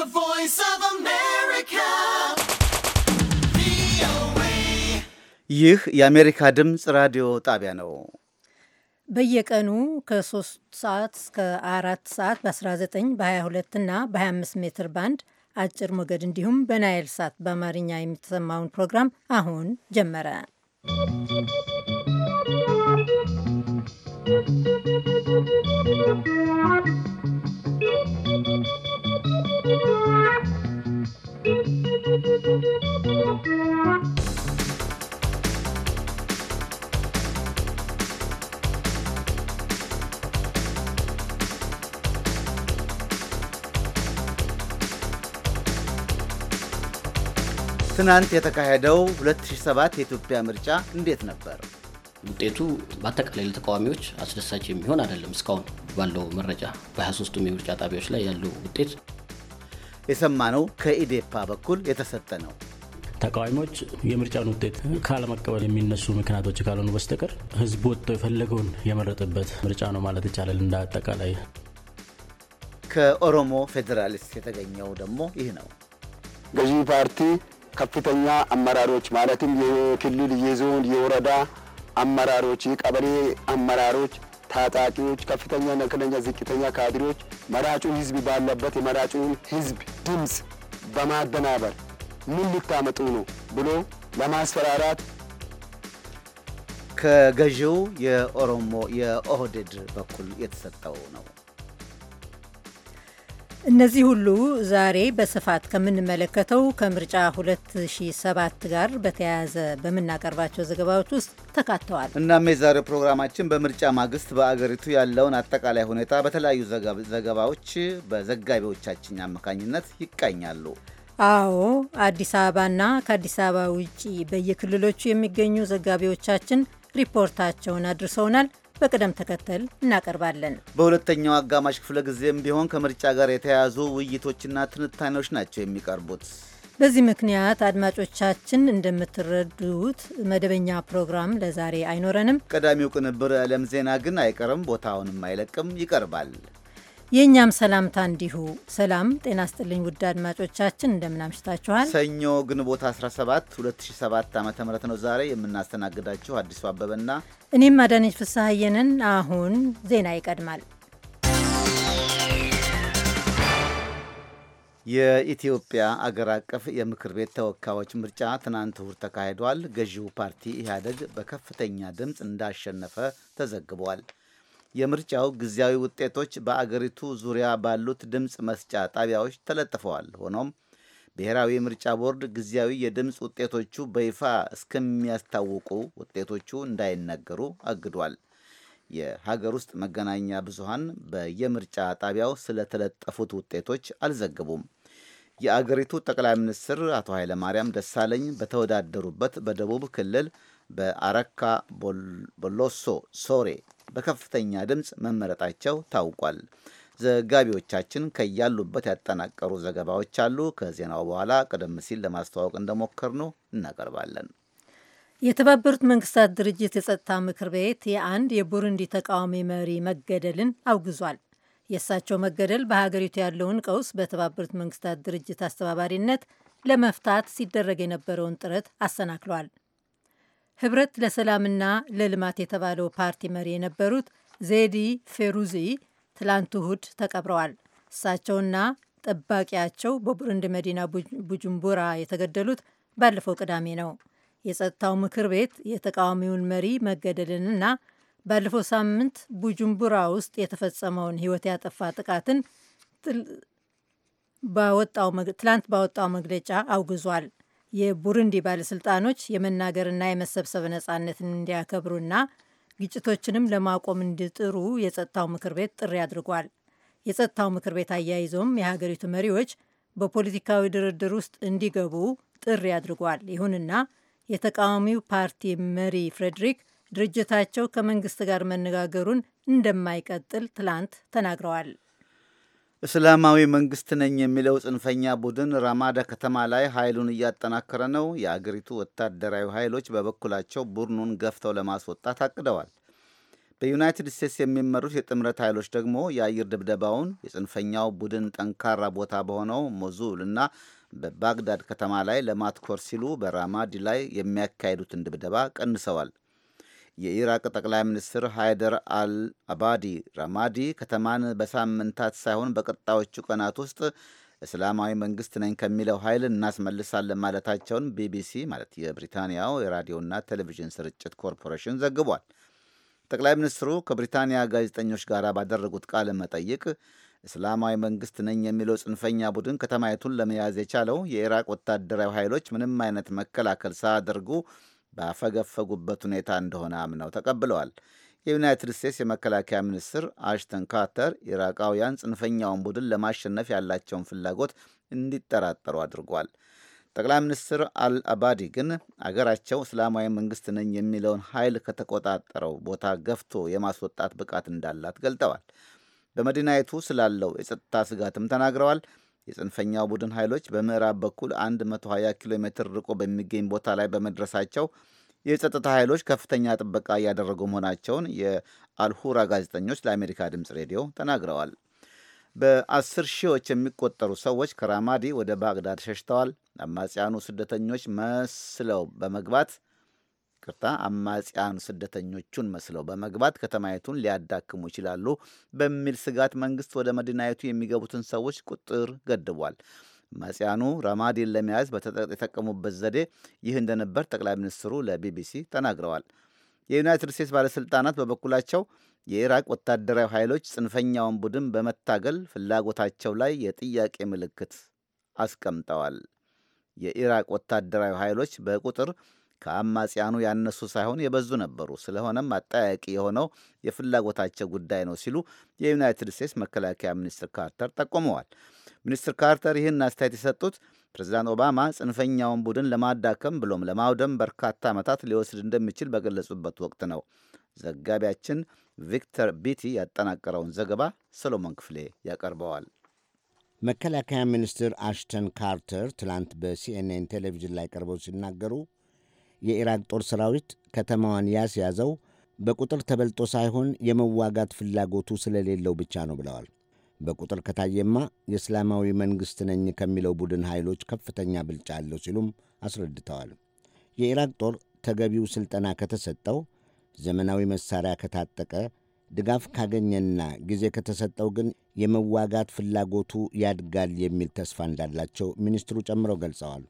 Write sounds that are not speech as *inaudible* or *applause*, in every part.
The voice of America. ይህ የአሜሪካ ድምፅ ራዲዮ ጣቢያ ነው። በየቀኑ ከ3 ሰዓት እስከ 4 ሰዓት በ19 በ22 እና በ25 ሜትር ባንድ አጭር ሞገድ እንዲሁም በናይል ሳት በአማርኛ የሚተሰማውን ፕሮግራም አሁን ጀመረ። ¶¶ ትናንት የተካሄደው 2007 የኢትዮጵያ ምርጫ እንዴት ነበር? ውጤቱ በአጠቃላይ ለተቃዋሚዎች አስደሳች የሚሆን አይደለም። እስካሁን ባለው መረጃ በ23ቱም የምርጫ ጣቢያዎች ላይ ያለው ውጤት የሰማነው ከኢዴፓ በኩል የተሰጠ ነው። ተቃዋሚዎች የምርጫን ውጤት ካለመቀበል የሚነሱ ምክንያቶች ካልሆኑ በስተቀር ህዝቡ ወጥቶ የፈለገውን የመረጠበት ምርጫ ነው ማለት ይቻላል። እንደ አጠቃላይ ከኦሮሞ ፌዴራሊስት የተገኘው ደግሞ ይህ ነው። ገዢ ፓርቲ ከፍተኛ አመራሮች ማለትም የክልል፣ የዞን፣ የወረዳ አመራሮች፣ የቀበሌ አመራሮች ታጣቂዎች፣ ከፍተኛ ነክለኛ፣ ዝቅተኛ ካድሬዎች መራጩን ህዝብ ባለበት የመራጩን ህዝብ ድምፅ በማደናበር ምን ልታመጡ ነው ብሎ ለማስፈራራት ከገዢው የኦሮሞ የኦህዴድ በኩል የተሰጠው ነው። እነዚህ ሁሉ ዛሬ በስፋት ከምንመለከተው ከምርጫ 2007 ጋር በተያያዘ በምናቀርባቸው ዘገባዎች ውስጥ ተካተዋል። እናም የዛሬው ፕሮግራማችን በምርጫ ማግስት በአገሪቱ ያለውን አጠቃላይ ሁኔታ በተለያዩ ዘገባዎች በዘጋቢዎቻችን አማካኝነት ይቃኛሉ። አዎ፣ አዲስ አበባና ከአዲስ አበባ ውጪ በየክልሎቹ የሚገኙ ዘጋቢዎቻችን ሪፖርታቸውን አድርሰውናል። በቅደም ተከተል እናቀርባለን። በሁለተኛው አጋማሽ ክፍለ ጊዜም ቢሆን ከምርጫ ጋር የተያያዙ ውይይቶችና ትንታኔዎች ናቸው የሚቀርቡት። በዚህ ምክንያት አድማጮቻችን እንደምትረዱት መደበኛ ፕሮግራም ለዛሬ አይኖረንም። ቀዳሚው ቅንብር ዓለም ዜና ግን አይቀርም፣ ቦታውንም አይለቅም፣ ይቀርባል። የእኛም ሰላምታ እንዲሁ። ሰላም ጤና ስጥልኝ ውድ አድማጮቻችን እንደምናምሽታችኋል። ሰኞ ግንቦት 17 2007 ዓ ም ነው ዛሬ የምናስተናግዳችሁ አዲሱ አበበና እኔም አዳነች ፍስሐየንን። አሁን ዜና ይቀድማል። የኢትዮጵያ አገር አቀፍ የምክር ቤት ተወካዮች ምርጫ ትናንት እሁድ ተካሂዷል። ገዢው ፓርቲ ኢህአደግ በከፍተኛ ድምፅ እንዳሸነፈ ተዘግቧል። የምርጫው ጊዜያዊ ውጤቶች በአገሪቱ ዙሪያ ባሉት ድምፅ መስጫ ጣቢያዎች ተለጥፈዋል። ሆኖም ብሔራዊ ምርጫ ቦርድ ጊዜያዊ የድምፅ ውጤቶቹ በይፋ እስከሚያስታውቁ ውጤቶቹ እንዳይነገሩ አግዷል። የሀገር ውስጥ መገናኛ ብዙሃን በየምርጫ ጣቢያው ስለተለጠፉት ውጤቶች አልዘግቡም። የአገሪቱ ጠቅላይ ሚኒስትር አቶ ኃይለማርያም ደሳለኝ በተወዳደሩበት በደቡብ ክልል በአረካ ቦሎሶ ሶሬ በከፍተኛ ድምፅ መመረጣቸው ታውቋል። ዘጋቢዎቻችን ከያሉበት ያጠናቀሩ ዘገባዎች አሉ። ከዜናው በኋላ ቀደም ሲል ለማስተዋወቅ እንደሞከርነው እናቀርባለን። የተባበሩት መንግስታት ድርጅት የጸጥታ ምክር ቤት የአንድ የቡሩንዲ ተቃዋሚ መሪ መገደልን አውግዟል። የእሳቸው መገደል በሀገሪቱ ያለውን ቀውስ በተባበሩት መንግስታት ድርጅት አስተባባሪነት ለመፍታት ሲደረግ የነበረውን ጥረት አሰናክሏል። ህብረት ለሰላምና ለልማት የተባለው ፓርቲ መሪ የነበሩት ዜዲ ፌሩዚ ትላንት እሁድ ተቀብረዋል። እሳቸውና ጠባቂያቸው በቡሩንዲ መዲና ቡጁምቡራ የተገደሉት ባለፈው ቅዳሜ ነው። የጸጥታው ምክር ቤት የተቃዋሚውን መሪ መገደልንና ባለፈው ሳምንት ቡጁምቡራ ውስጥ የተፈጸመውን ህይወት ያጠፋ ጥቃትን ትላንት ባወጣው መግለጫ አውግዟል። የቡሩንዲ ባለሥልጣኖች የመናገርና የመሰብሰብ ነጻነትን እንዲያከብሩና ግጭቶችንም ለማቆም እንዲጥሩ የጸጥታው ምክር ቤት ጥሪ አድርጓል። የጸጥታው ምክር ቤት አያይዞም የሀገሪቱ መሪዎች በፖለቲካዊ ድርድር ውስጥ እንዲገቡ ጥሪ አድርጓል። ይሁንና የተቃዋሚው ፓርቲ መሪ ፍሬድሪክ ድርጅታቸው ከመንግስት ጋር መነጋገሩን እንደማይቀጥል ትላንት ተናግረዋል። እስላማዊ መንግስት ነኝ የሚለው ጽንፈኛ ቡድን ራማዳ ከተማ ላይ ኃይሉን እያጠናከረ ነው። የአገሪቱ ወታደራዊ ኃይሎች በበኩላቸው ቡድኑን ገፍተው ለማስወጣት አቅደዋል። በዩናይትድ ስቴትስ የሚመሩት የጥምረት ኃይሎች ደግሞ የአየር ድብደባውን የጽንፈኛው ቡድን ጠንካራ ቦታ በሆነው ሞዙል እና በባግዳድ ከተማ ላይ ለማትኮር ሲሉ በራማዲ ላይ የሚያካሂዱትን ድብደባ ቀንሰዋል። የኢራቅ ጠቅላይ ሚኒስትር ሃይደር አል አባዲ ራማዲ ከተማን በሳምንታት ሳይሆን በቀጣዮቹ ቀናት ውስጥ እስላማዊ መንግስት ነኝ ከሚለው ኃይል እናስመልሳለን ማለታቸውን ቢቢሲ ማለት የብሪታንያው የራዲዮና ቴሌቪዥን ስርጭት ኮርፖሬሽን ዘግቧል። ጠቅላይ ሚኒስትሩ ከብሪታንያ ጋዜጠኞች ጋር ባደረጉት ቃለ መጠይቅ እስላማዊ መንግስት ነኝ የሚለው ጽንፈኛ ቡድን ከተማይቱን ለመያዝ የቻለው የኢራቅ ወታደራዊ ኃይሎች ምንም አይነት መከላከል ሳያደርጉ ባፈገፈጉበት ሁኔታ እንደሆነ አምነው ተቀብለዋል። የዩናይትድ ስቴትስ የመከላከያ ሚኒስትር አሽተን ካርተር ኢራቃውያን ጽንፈኛውን ቡድን ለማሸነፍ ያላቸውን ፍላጎት እንዲጠራጠሩ አድርጓል። ጠቅላይ ሚኒስትር አልአባዲ ግን አገራቸው እስላማዊ መንግስት ነኝ የሚለውን ኃይል ከተቆጣጠረው ቦታ ገፍቶ የማስወጣት ብቃት እንዳላት ገልጠዋል። በመዲናይቱ ስላለው የጸጥታ ስጋትም ተናግረዋል። የጽንፈኛው ቡድን ኃይሎች በምዕራብ በኩል 120 ኪሎ ሜትር ርቆ በሚገኝ ቦታ ላይ በመድረሳቸው የጸጥታ ኃይሎች ከፍተኛ ጥበቃ እያደረጉ መሆናቸውን የአልሁራ ጋዜጠኞች ለአሜሪካ ድምፅ ሬዲዮ ተናግረዋል። በአስር ሺዎች የሚቆጠሩ ሰዎች ከራማዲ ወደ ባግዳድ ሸሽተዋል። አማጽያኑ ስደተኞች መስለው በመግባት ቅርታ አማጽያን ስደተኞቹን መስለው በመግባት ከተማይቱን ሊያዳክሙ ይችላሉ በሚል ስጋት መንግስት ወደ መዲናይቱ የሚገቡትን ሰዎች ቁጥር ገድቧል። አማጽያኑ ረማዲን ለመያዝ የተጠቀሙበት ዘዴ ይህ እንደነበር ጠቅላይ ሚኒስትሩ ለቢቢሲ ተናግረዋል። የዩናይትድ ስቴትስ ባለሥልጣናት በበኩላቸው የኢራቅ ወታደራዊ ኃይሎች ጽንፈኛውን ቡድን በመታገል ፍላጎታቸው ላይ የጥያቄ ምልክት አስቀምጠዋል። የኢራቅ ወታደራዊ ኃይሎች በቁጥር ከአማጽያኑ ያነሱ ሳይሆን የበዙ ነበሩ። ስለሆነም አጠያቂ የሆነው የፍላጎታቸው ጉዳይ ነው ሲሉ የዩናይትድ ስቴትስ መከላከያ ሚኒስትር ካርተር ጠቁመዋል። ሚኒስትር ካርተር ይህን አስተያየት የሰጡት ፕሬዚዳንት ኦባማ ጽንፈኛውን ቡድን ለማዳከም ብሎም ለማውደም በርካታ ዓመታት ሊወስድ እንደሚችል በገለጹበት ወቅት ነው። ዘጋቢያችን ቪክተር ቢቲ ያጠናቀረውን ዘገባ ሰሎሞን ክፍሌ ያቀርበዋል። መከላከያ ሚኒስትር አሽተን ካርተር ትላንት በሲኤንኤን ቴሌቪዥን ላይ ቀርበው ሲናገሩ የኢራቅ ጦር ሰራዊት ከተማዋን ያስያዘው በቁጥር ተበልጦ ሳይሆን የመዋጋት ፍላጎቱ ስለሌለው ብቻ ነው ብለዋል። በቁጥር ከታየማ የእስላማዊ መንግሥት ነኝ ከሚለው ቡድን ኃይሎች ከፍተኛ ብልጫ አለው ሲሉም አስረድተዋል። የኢራቅ ጦር ተገቢው ሥልጠና ከተሰጠው፣ ዘመናዊ መሣሪያ ከታጠቀ፣ ድጋፍ ካገኘና ጊዜ ከተሰጠው ግን የመዋጋት ፍላጎቱ ያድጋል የሚል ተስፋ እንዳላቸው ሚኒስትሩ ጨምረው ገልጸዋል።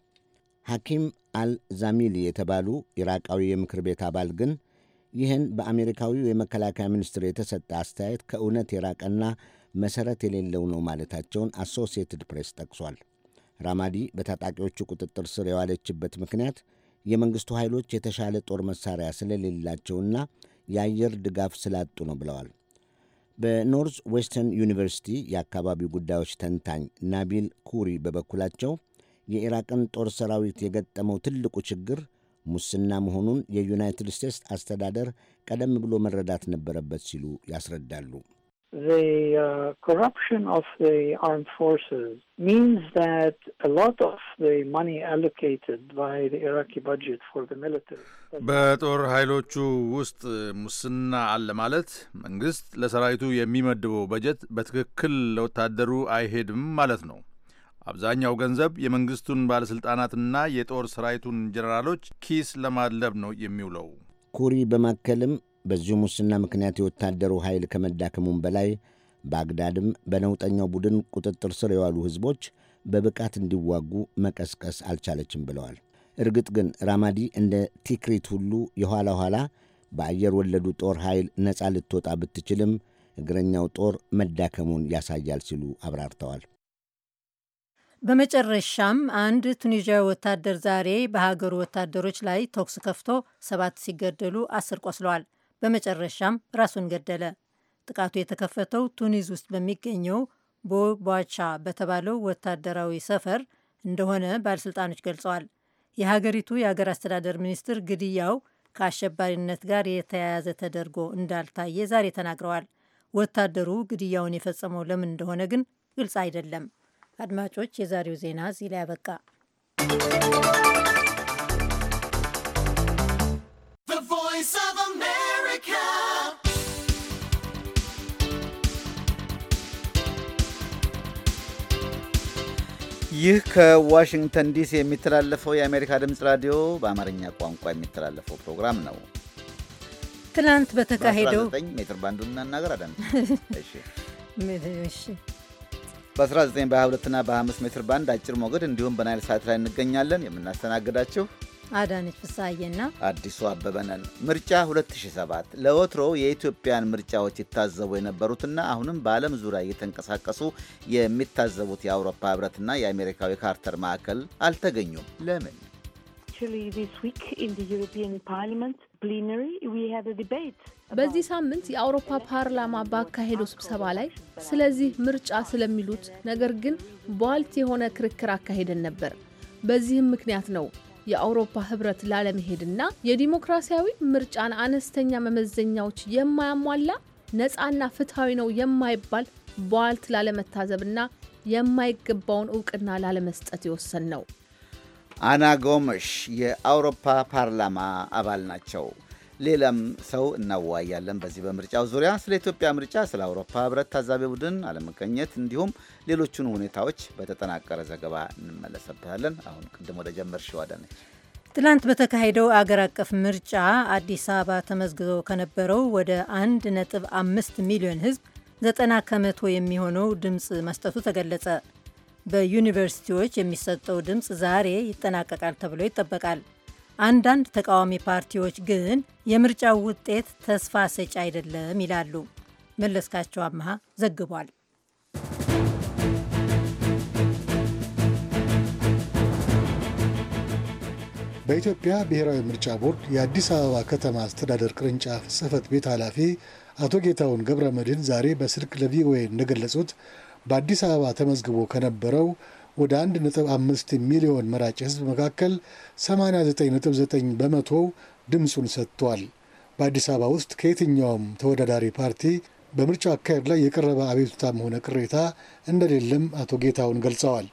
ሐኪም አልዛሚሊ የተባሉ ኢራቃዊ የምክር ቤት አባል ግን ይህን በአሜሪካዊው የመከላከያ ሚኒስትር የተሰጠ አስተያየት ከእውነት የራቀና መሠረት የሌለው ነው ማለታቸውን አሶሲየትድ ፕሬስ ጠቅሷል። ራማዲ በታጣቂዎቹ ቁጥጥር ስር የዋለችበት ምክንያት የመንግሥቱ ኃይሎች የተሻለ ጦር መሣሪያ ስለሌላቸውና የአየር ድጋፍ ስላጡ ነው ብለዋል። በኖርዝ ዌስተርን ዩኒቨርሲቲ የአካባቢው ጉዳዮች ተንታኝ ናቢል ኩሪ በበኩላቸው የኢራቅን ጦር ሰራዊት የገጠመው ትልቁ ችግር ሙስና መሆኑን የዩናይትድ ስቴትስ አስተዳደር ቀደም ብሎ መረዳት ነበረበት ሲሉ ያስረዳሉ። uh, በጦር ኃይሎቹ ውስጥ ሙስና አለ ማለት መንግስት ለሰራዊቱ የሚመድበው በጀት በትክክል ለወታደሩ አይሄድም ማለት ነው። አብዛኛው ገንዘብ የመንግስቱን ባለሥልጣናትና የጦር ሰራዊቱን ጀነራሎች ኪስ ለማድለብ ነው የሚውለው። ኩሪ በማከልም በዚሁ ሙስና ምክንያት የወታደሩ ኃይል ከመዳከሙም በላይ ባግዳድም በነውጠኛው ቡድን ቁጥጥር ስር የዋሉ ሕዝቦች በብቃት እንዲዋጉ መቀስቀስ አልቻለችም ብለዋል። እርግጥ ግን ራማዲ እንደ ቲክሪት ሁሉ የኋላ ኋላ በአየር ወለዱ ጦር ኃይል ነፃ ልትወጣ ብትችልም እግረኛው ጦር መዳከሙን ያሳያል ሲሉ አብራርተዋል። በመጨረሻም አንድ ቱኒዥያዊ ወታደር ዛሬ በሀገሩ ወታደሮች ላይ ተኩስ ከፍቶ ሰባት ሲገደሉ አስር ቆስለዋል። በመጨረሻም ራሱን ገደለ። ጥቃቱ የተከፈተው ቱኒዝ ውስጥ በሚገኘው ቦባቻ በተባለው ወታደራዊ ሰፈር እንደሆነ ባለሥልጣኖች ገልጸዋል። የሀገሪቱ የሀገር አስተዳደር ሚኒስትር ግድያው ከአሸባሪነት ጋር የተያያዘ ተደርጎ እንዳልታየ ዛሬ ተናግረዋል። ወታደሩ ግድያውን የፈጸመው ለምን እንደሆነ ግን ግልጽ አይደለም። አድማጮች፣ የዛሬው ዜና እዚህ ላይ ያበቃ። ይህ ከዋሽንግተን ዲሲ የሚተላለፈው የአሜሪካ ድምፅ ራዲዮ በአማርኛ ቋንቋ የሚተላለፈው ፕሮግራም ነው። ትናንት በተካሄደው ሜትር ባንዱን እናናገር አዳም *laughs* በ19 በ22ና በ25 ሜትር ባንድ አጭር ሞገድ እንዲሁም በናይል ሳት ላይ እንገኛለን። የምናስተናግዳችሁ አዳነች ፍስሐዬና አዲሱ አበበነን። ምርጫ 2007 ለወትሮ የኢትዮጵያን ምርጫዎች ይታዘቡ የነበሩትና አሁንም በዓለም ዙሪያ እየተንቀሳቀሱ የሚታዘቡት የአውሮፓ ህብረትና የአሜሪካዊ ካርተር ማዕከል አልተገኙም። ለምን? ዲስ ዊክ ኢን ፕሊነሪ ዊ ዲቤት በዚህ ሳምንት የአውሮፓ ፓርላማ ባካሄደው ስብሰባ ላይ ስለዚህ ምርጫ ስለሚሉት ነገር ግን ቧልት የሆነ ክርክር አካሄደን ነበር። በዚህም ምክንያት ነው የአውሮፓ ህብረት ላለመሄድና የዲሞክራሲያዊ ምርጫን አነስተኛ መመዘኛዎች የማያሟላ ነፃና ፍትሐዊ ነው የማይባል ቧልት ላለመታዘብና የማይገባውን እውቅና ላለመስጠት የወሰን ነው። አና ጎመሽ የአውሮፓ ፓርላማ አባል ናቸው። ሌላም ሰው እናወያያለን። በዚህ በምርጫው ዙሪያ ስለ ኢትዮጵያ ምርጫ፣ ስለ አውሮፓ ህብረት ታዛቢ ቡድን አለመገኘት እንዲሁም ሌሎቹን ሁኔታዎች በተጠናቀረ ዘገባ እንመለሰብታለን። አሁን ቅድም ወደ ጀመር ሽዋዳነች ትላንት በተካሄደው አገር አቀፍ ምርጫ አዲስ አበባ ተመዝግዞ ከነበረው ወደ 1.5 ሚሊዮን ህዝብ 90 ከመቶ የሚሆነው ድምፅ መስጠቱ ተገለጸ። በዩኒቨርሲቲዎች የሚሰጠው ድምፅ ዛሬ ይጠናቀቃል ተብሎ ይጠበቃል። አንዳንድ ተቃዋሚ ፓርቲዎች ግን የምርጫው ውጤት ተስፋ ሰጪ አይደለም ይላሉ። መለስካቸው አመሃ ዘግቧል። በኢትዮጵያ ብሔራዊ ምርጫ ቦርድ የአዲስ አበባ ከተማ አስተዳደር ቅርንጫፍ ጽህፈት ቤት ኃላፊ አቶ ጌታውን ገብረ መድህን ዛሬ በስልክ ለቪኦኤ እንደገለጹት በአዲስ አበባ ተመዝግቦ ከነበረው ወደ 1.5 ሚሊዮን መራጭ ህዝብ መካከል 89.9 በመቶ ድምፁን ሰጥቷል። በአዲስ አበባ ውስጥ ከየትኛውም ተወዳዳሪ ፓርቲ በምርጫው አካሄድ ላይ የቀረበ አቤቱታም ሆነ ቅሬታ እንደሌለም አቶ ጌታውን ገልጸዋል።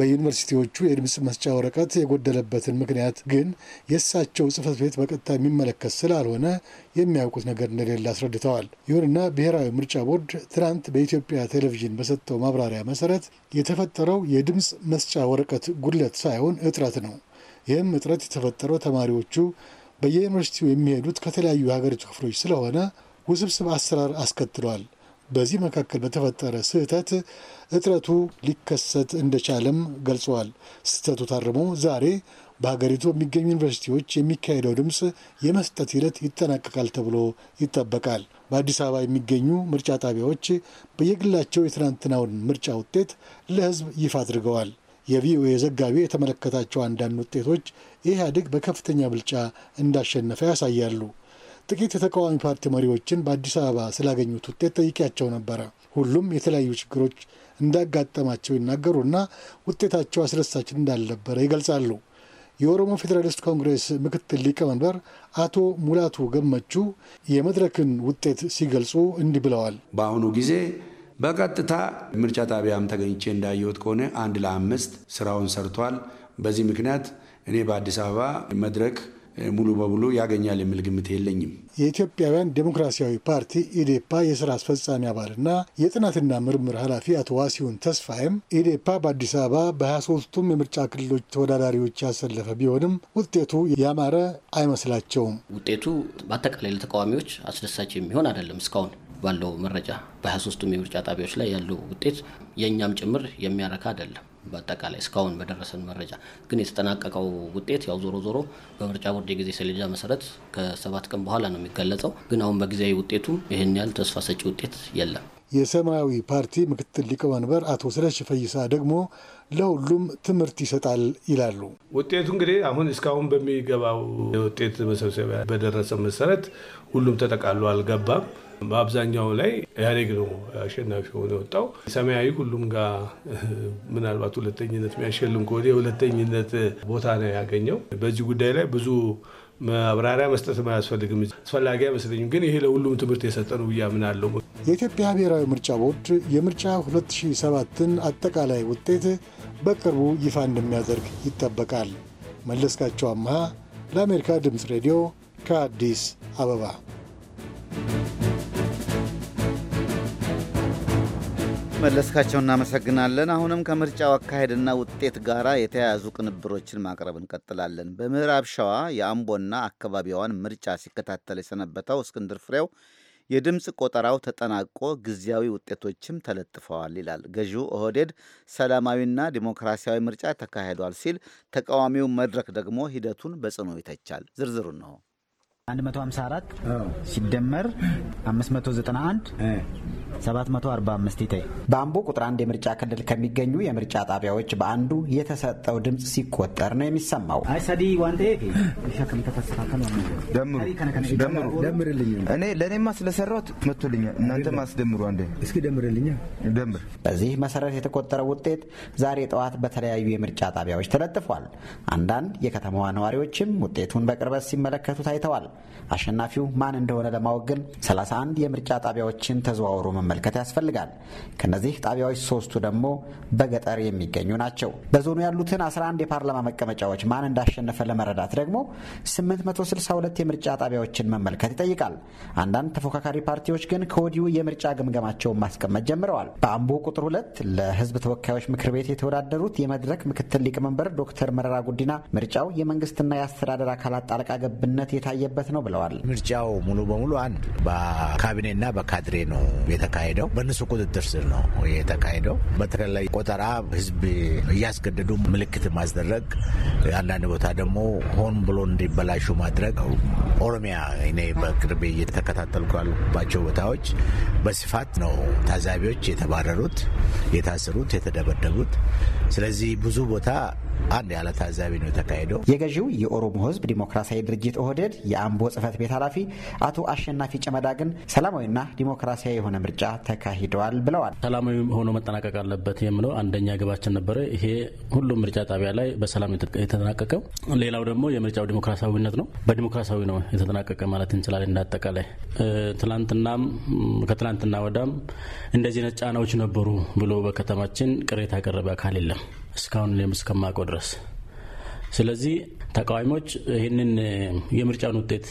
በዩኒቨርሲቲዎቹ የድምፅ መስጫ ወረቀት የጎደለበትን ምክንያት ግን የእሳቸው ጽህፈት ቤት በቀጥታ የሚመለከት ስላልሆነ የሚያውቁት ነገር እንደሌለ አስረድተዋል። ይሁንና ብሔራዊ ምርጫ ቦርድ ትናንት በኢትዮጵያ ቴሌቪዥን በሰጠው ማብራሪያ መሰረት የተፈጠረው የድምፅ መስጫ ወረቀት ጉድለት ሳይሆን እጥረት ነው። ይህም እጥረት የተፈጠረው ተማሪዎቹ በየዩኒቨርሲቲው የሚሄዱት ከተለያዩ የሀገሪቱ ክፍሎች ስለሆነ ውስብስብ አሰራር አስከትሏል። በዚህ መካከል በተፈጠረ ስህተት እጥረቱ ሊከሰት እንደቻለም ገልጸዋል። ስህተቱ ታርሞ ዛሬ በሀገሪቱ በሚገኙ ዩኒቨርሲቲዎች የሚካሄደው ድምፅ የመስጠት ሂደት ይጠናቀቃል ተብሎ ይጠበቃል። በአዲስ አበባ የሚገኙ ምርጫ ጣቢያዎች በየግላቸው የትናንትናውን ምርጫ ውጤት ለሕዝብ ይፋ አድርገዋል። የቪኦኤ ዘጋቢ የተመለከታቸው አንዳንድ ውጤቶች ኢህአዴግ በከፍተኛ ብልጫ እንዳሸነፈ ያሳያሉ። ጥቂት የተቃዋሚ ፓርቲ መሪዎችን በአዲስ አበባ ስላገኙት ውጤት ጠይቄያቸው ነበረ። ሁሉም የተለያዩ ችግሮች እንዳጋጠማቸው ይናገሩና ውጤታቸው አስደሳች እንዳልነበረ ይገልጻሉ። የኦሮሞ ፌዴራሊስት ኮንግሬስ ምክትል ሊቀመንበር አቶ ሙላቱ ገመቹ የመድረክን ውጤት ሲገልጹ እንዲህ ብለዋል። በአሁኑ ጊዜ በቀጥታ ምርጫ ጣቢያም ተገኝቼ እንዳየሁት ከሆነ አንድ ለአምስት ስራውን ሰርቷል። በዚህ ምክንያት እኔ በአዲስ አበባ መድረክ ሙሉ በሙሉ ያገኛል የሚል ግምት የለኝም። የኢትዮጵያውያን ዴሞክራሲያዊ ፓርቲ ኢዴፓ የስራ አስፈጻሚ አባልና የጥናትና ምርምር ኃላፊ አቶ ዋሲሁን ተስፋዬም ኢዴፓ በአዲስ አበባ በ የምርጫ ክልሎች ተወዳዳሪዎች ያሰለፈ ቢሆንም ውጤቱ ያማረ አይመስላቸውም። ውጤቱ በአጠቃላይ ለተቃዋሚዎች አስደሳች የሚሆን አይደለም። እስካሁን ባለው መረጃ በ የምርጫ ጣቢያዎች ላይ ያለው ውጤት የእኛም ጭምር የሚያረካ አይደለም። በአጠቃላይ እስካሁን በደረሰን መረጃ ግን የተጠናቀቀው ውጤት ያው ዞሮ ዞሮ በምርጫ ቦርድ የጊዜ ሰሌዳ መሰረት ከሰባት ቀን በኋላ ነው የሚገለጸው። ግን አሁን በጊዜያዊ ውጤቱ ይህን ያህል ተስፋ ሰጪ ውጤት የለም። የሰማያዊ ፓርቲ ምክትል ሊቀመንበር አቶ ስለሽ ፈይሳ ደግሞ ለሁሉም ትምህርት ይሰጣል ይላሉ። ውጤቱ እንግዲህ አሁን እስካሁን በሚገባው የውጤት መሰብሰቢያ በደረሰ መሰረት ሁሉም ተጠቃሎ አልገባም። በአብዛኛው ላይ ኢህአዴግ ነው አሸናፊ ሆነ ወጣው። ሰማያዊ ሁሉም ጋር ምናልባት ሁለተኝነት የሚያሸልም ከሆነ የሁለተኝነት ቦታ ነው ያገኘው። በዚህ ጉዳይ ላይ ብዙ ማብራሪያ መስጠት አያስፈልግም፣ አስፈላጊ አይመስለኝም። ግን ይሄ ለሁሉም ትምህርት የሰጠ ነው ብዬ አምናለሁ። የኢትዮጵያ ብሔራዊ ምርጫ ቦርድ የምርጫ 2007ን አጠቃላይ ውጤት በቅርቡ ይፋ እንደሚያደርግ ይጠበቃል። መለስካቸው አምሃ ለአሜሪካ ድምፅ ሬዲዮ ከአዲስ አበባ መለስካቸው እናመሰግናለን። አሁንም ከምርጫው አካሄድና ውጤት ጋር የተያያዙ ቅንብሮችን ማቅረብ እንቀጥላለን። በምዕራብ ሸዋ የአምቦና አካባቢዋን ምርጫ ሲከታተል የሰነበተው እስክንድር ፍሬው የድምፅ ቆጠራው ተጠናቆ ጊዜያዊ ውጤቶችም ተለጥፈዋል ይላል። ገዢው ኦህዴድ ሰላማዊና ዲሞክራሲያዊ ምርጫ ተካሂዷል ሲል፣ ተቃዋሚው መድረክ ደግሞ ሂደቱን በጽኑ ይተቻል። ዝርዝሩን ነው 154 ሲደመር 591 745 ይታይ በአምቦ ቁጥር አንድ የምርጫ ክልል ከሚገኙ የምርጫ ጣቢያዎች በአንዱ የተሰጠው ድምፅ ሲቆጠር ነው የሚሰማው። ደምርልኝ፣ እኔ ለእኔማ ስለሰራሁት መቶልኛል። እናንተ ማስደምሩ አንዴ እስኪ ደምርልኛ፣ ደምር። በዚህ መሰረት የተቆጠረው ውጤት ዛሬ ጠዋት በተለያዩ የምርጫ ጣቢያዎች ተለጥፏል። አንዳንድ የከተማዋ ነዋሪዎችም ውጤቱን በቅርበት ሲመለከቱ ታይተዋል። አሸናፊው ማን እንደሆነ ለማወቅ ግን 31 የምርጫ ጣቢያዎችን ተዘዋውሮ መመልከት ያስፈልጋል። ከነዚህ ጣቢያዎች ሶስቱ ደግሞ በገጠር የሚገኙ ናቸው። በዞኑ ያሉትን 11 የፓርላማ መቀመጫዎች ማን እንዳሸነፈ ለመረዳት ደግሞ 862 የምርጫ ጣቢያዎችን መመልከት ይጠይቃል። አንዳንድ ተፎካካሪ ፓርቲዎች ግን ከወዲሁ የምርጫ ግምገማቸውን ማስቀመጥ ጀምረዋል። በአምቦ ቁጥር ሁለት ለህዝብ ተወካዮች ምክር ቤት የተወዳደሩት የመድረክ ምክትል ሊቀመንበር ዶክተር መረራ ጉዲና ምርጫው የመንግስትና የአስተዳደር አካላት ጣልቃ ገብነት የታየበት ነው ብለዋል። ምርጫው ሙሉ በሙሉ አንድ በካቢኔና በካድሬ ነው የተካሄደው በእነሱ ቁጥጥር ስር ነው የተካሄደው። በተለይ ቆጠራ ህዝብ እያስገደዱ ምልክት ማስደረግ፣ አንዳንድ ቦታ ደግሞ ሆን ብሎ እንዲበላሹ ማድረግ ኦሮሚያ እኔ በቅርቤ እየተከታተልኩ ያሉባቸው ቦታዎች በስፋት ነው ታዛቢዎች የተባረሩት፣ የታሰሩት፣ የተደበደቡት። ስለዚህ ብዙ ቦታ አንድ ያለ ታዛቢ ነው የተካሄደው። የገዢው የኦሮሞ ህዝብ ዲሞክራሲያዊ ድርጅት ኦህዴድ የአምቦ ጽህፈት ቤት ኃላፊ አቶ አሸናፊ ጨመዳ ግን ሰላማዊና ዲሞክራሲያዊ የሆነ ምርጫ ተካሂደዋል ብለዋል። ሰላማዊ ሆኖ መጠናቀቅ አለበት የምለው አንደኛ ግባችን ነበረ። ይሄ ሁሉም ምርጫ ጣቢያ ላይ በሰላም የተጠናቀቀው። ሌላው ደግሞ የምርጫው ዲሞክራሲያዊነት ነው። በዲሞክራሲያዊ ነው የተጠናቀቀ ማለት እንችላለን። እንዳጠቃላይ ትላንትናም ከትናንትና ወዳም እንደዚህ ነጫናዎች ጫናዎች ነበሩ ብሎ በከተማችን ቅሬታ ያቀረበ አካል የለም። እስካሁን እስከማውቀው ድረስ። ስለዚህ ተቃዋሚዎች ይህንን የምርጫን ውጤት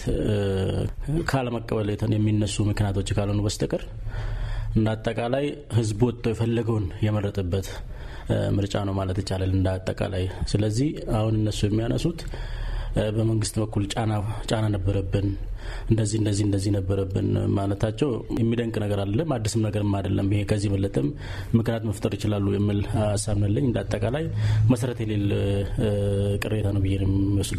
ካለመቀበል የሚነሱ ምክንያቶች ካልሆኑ በስተቀር እንደ አጠቃላይ ህዝቡ ወጥቶ የፈለገውን የመረጠበት ምርጫ ነው ማለት ይቻላል እንደ አጠቃላይ። ስለዚህ አሁን እነሱ የሚያነሱት በመንግስት በኩል ጫና ነበረብን እንደዚህ እንደዚህ እንደዚህ ነበረብን ማለታቸው የሚደንቅ ነገር አይደለም፣ አዲስም ነገርም አይደለም። ይሄ ከዚህ በለጠም ምክንያት መፍጠር ይችላሉ የሚል ሀሳብ ነለኝ። እንደ አጠቃላይ መሰረት የሌለ ቅሬታ ነው ብዬ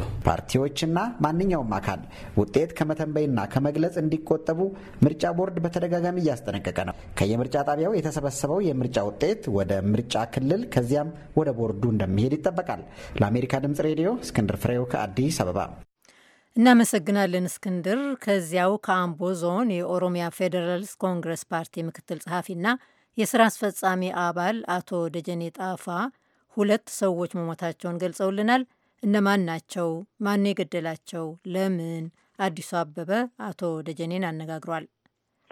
ነው ፓርቲዎችና ማንኛውም አካል ውጤት ከመተንበይና ከመግለጽ እንዲቆጠቡ ምርጫ ቦርድ በተደጋጋሚ እያስጠነቀቀ ነው። ከየምርጫ ጣቢያው የተሰበሰበው የምርጫ ውጤት ወደ ምርጫ ክልል ከዚያም ወደ ቦርዱ እንደሚሄድ ይጠበቃል። ለአሜሪካ ድምጽ ሬዲዮ እስክንድር ፍሬው ከአዲስ አበባ እናመሰግናለን እስክንድር። ከዚያው ከአምቦ ዞን የኦሮሚያ ፌዴራልስ ኮንግረስ ፓርቲ ምክትል ጸሐፊና የስራ አስፈጻሚ አባል አቶ ደጀኔ ጣፋ ሁለት ሰዎች መሞታቸውን ገልጸውልናል። እነማን ናቸው? ማን የገደላቸው? ለምን? አዲሱ አበበ አቶ ደጀኔን አነጋግሯል።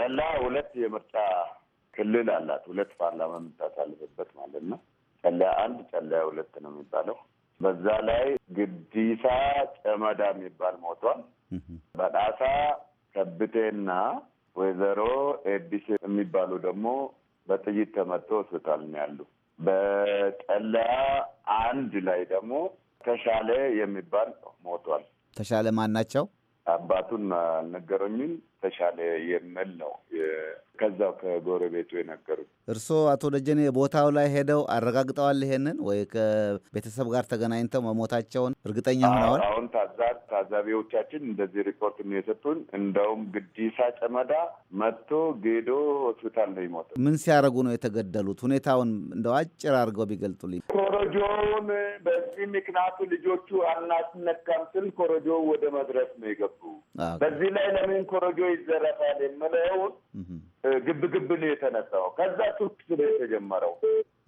ጠላ ሁለት የምርጫ ክልል አላት። ሁለት ፓርላማ የምታሳልፍበት ማለት ነው። ጠላ አንድ፣ ጠላ ሁለት ነው የሚባለው በዛ ላይ ግዲሳ ጨመዳ የሚባል ሞቷል። በጣሳ ከብቴና ወይዘሮ ኤዲስ የሚባሉ ደግሞ በጥይት ተመቶ ሆስፒታል ነው ያሉ። በጠለያ አንድ ላይ ደግሞ ተሻለ የሚባል ሞቷል። ተሻለ ማን ናቸው? አባቱን ነገረኝን ተሻለ የሚል ነው ከዛው ከጎረቤቱ የነገሩኝ። እርስዎ አቶ ደጀኔ ቦታው ላይ ሄደው አረጋግጠዋል ይሄንን ወይ ከቤተሰብ ጋር ተገናኝተው መሞታቸውን እርግጠኛ ሆነዋል? አሁን ታዛ ታዛቢዎቻችን እንደዚህ ሪፖርት የሰጡን እንደውም ግዲሳ ጨመዳ መጥቶ ጌዶ ሆስፒታል ነው የሞተው። ምን ሲያደርጉ ነው የተገደሉት? ሁኔታውን እንደው አጭር አድርገው ቢገልጡልኝ። ኮረጆውን በዚህ ምክንያቱ ልጆቹ አናስነካም ስል ኮረጆ ወደ መድረስ ነው የገቡ። በዚህ ላይ ለምን ኮረጆ ይዘረፋል የምለውን ግብግብ ነው የተነሳው። ከዛ ቱክ የተጀመረው?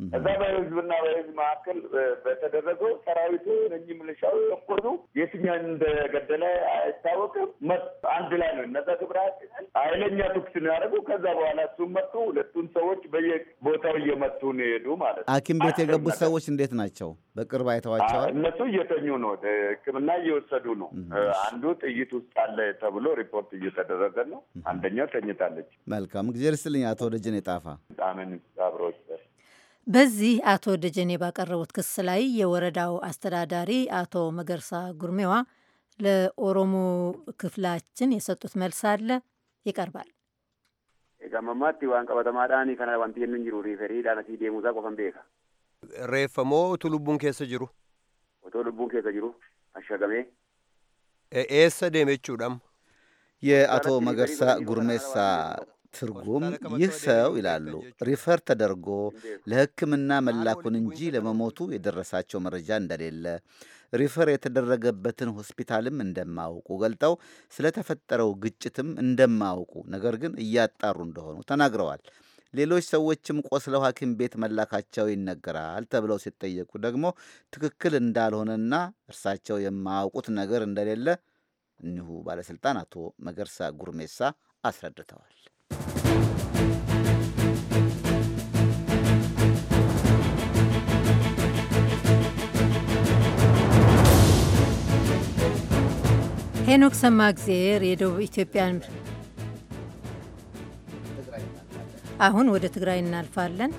እዛ በህዝብና በህዝብ መካከል በተደረገው ሰራዊቱ እኚህ ምልሻው የቆዙ የትኛን እንደገደለ አይታወቅም። መጥ አንድ ላይ ነው እነዛ ግብረሀይል ኃይለኛ ተኩስ ነው ያደረጉ። ከዛ በኋላ እሱን መጡ። ሁለቱን ሰዎች በየቦታው እየመቱ ነው የሄዱ ማለት ነው። ሐኪም ቤት የገቡት ሰዎች እንዴት ናቸው? በቅርብ አይተዋቸዋል? እነሱ እየተኙ ነው፣ ህክምና እየወሰዱ ነው። አንዱ ጥይት ውስጥ አለ ተብሎ ሪፖርት እየተደረገ ነው። አንደኛው ተኝታለች። መልካም ጊዜ ርስልኝ አቶ ደጀኔ ጣፋ ጣምን አብሮች በዚህ አቶ ደጀኔ ባቀረቡት ክስ ላይ የወረዳው አስተዳዳሪ አቶ መገርሳ ጉርሜዋ ለኦሮሞ ክፍላችን የሰጡት መልስ አለ፣ ይቀርባል። ጋመማት ዋን ቀበተማዳን ከና ዋንቲ የኑን ጅሩ ሪፈሪ ዳነሲ ደሙዛ ቆፈን ቤካ ሬፈሞ ቱ ሉቡን ኬሰ ጅሩ ኦቶ ሉቡን ኬሰ ጅሩ አሸገሜ ኤሰ ደሜቹ ዳም የአቶ መገርሳ ጉርሜሳ ትርጉም ይህ ሰው ይላሉ ሪፈር ተደርጎ ለሕክምና መላኩን እንጂ ለመሞቱ የደረሳቸው መረጃ እንደሌለ ሪፈር የተደረገበትን ሆስፒታልም እንደማያውቁ ገልጠው ስለተፈጠረው ግጭትም እንደማያውቁ ነገር ግን እያጣሩ እንደሆኑ ተናግረዋል። ሌሎች ሰዎችም ቆስለው ሐኪም ቤት መላካቸው ይነገራል ተብለው ሲጠየቁ ደግሞ ትክክል እንዳልሆነና እርሳቸው የማያውቁት ነገር እንደሌለ እኒሁ ባለሥልጣን አቶ መገርሳ ጉርሜሳ አስረድተዋል። ሄኖክ ሰማእግዜር የደቡብ ኢትዮጵያን አሁን ወደ ትግራይ እናልፋለን።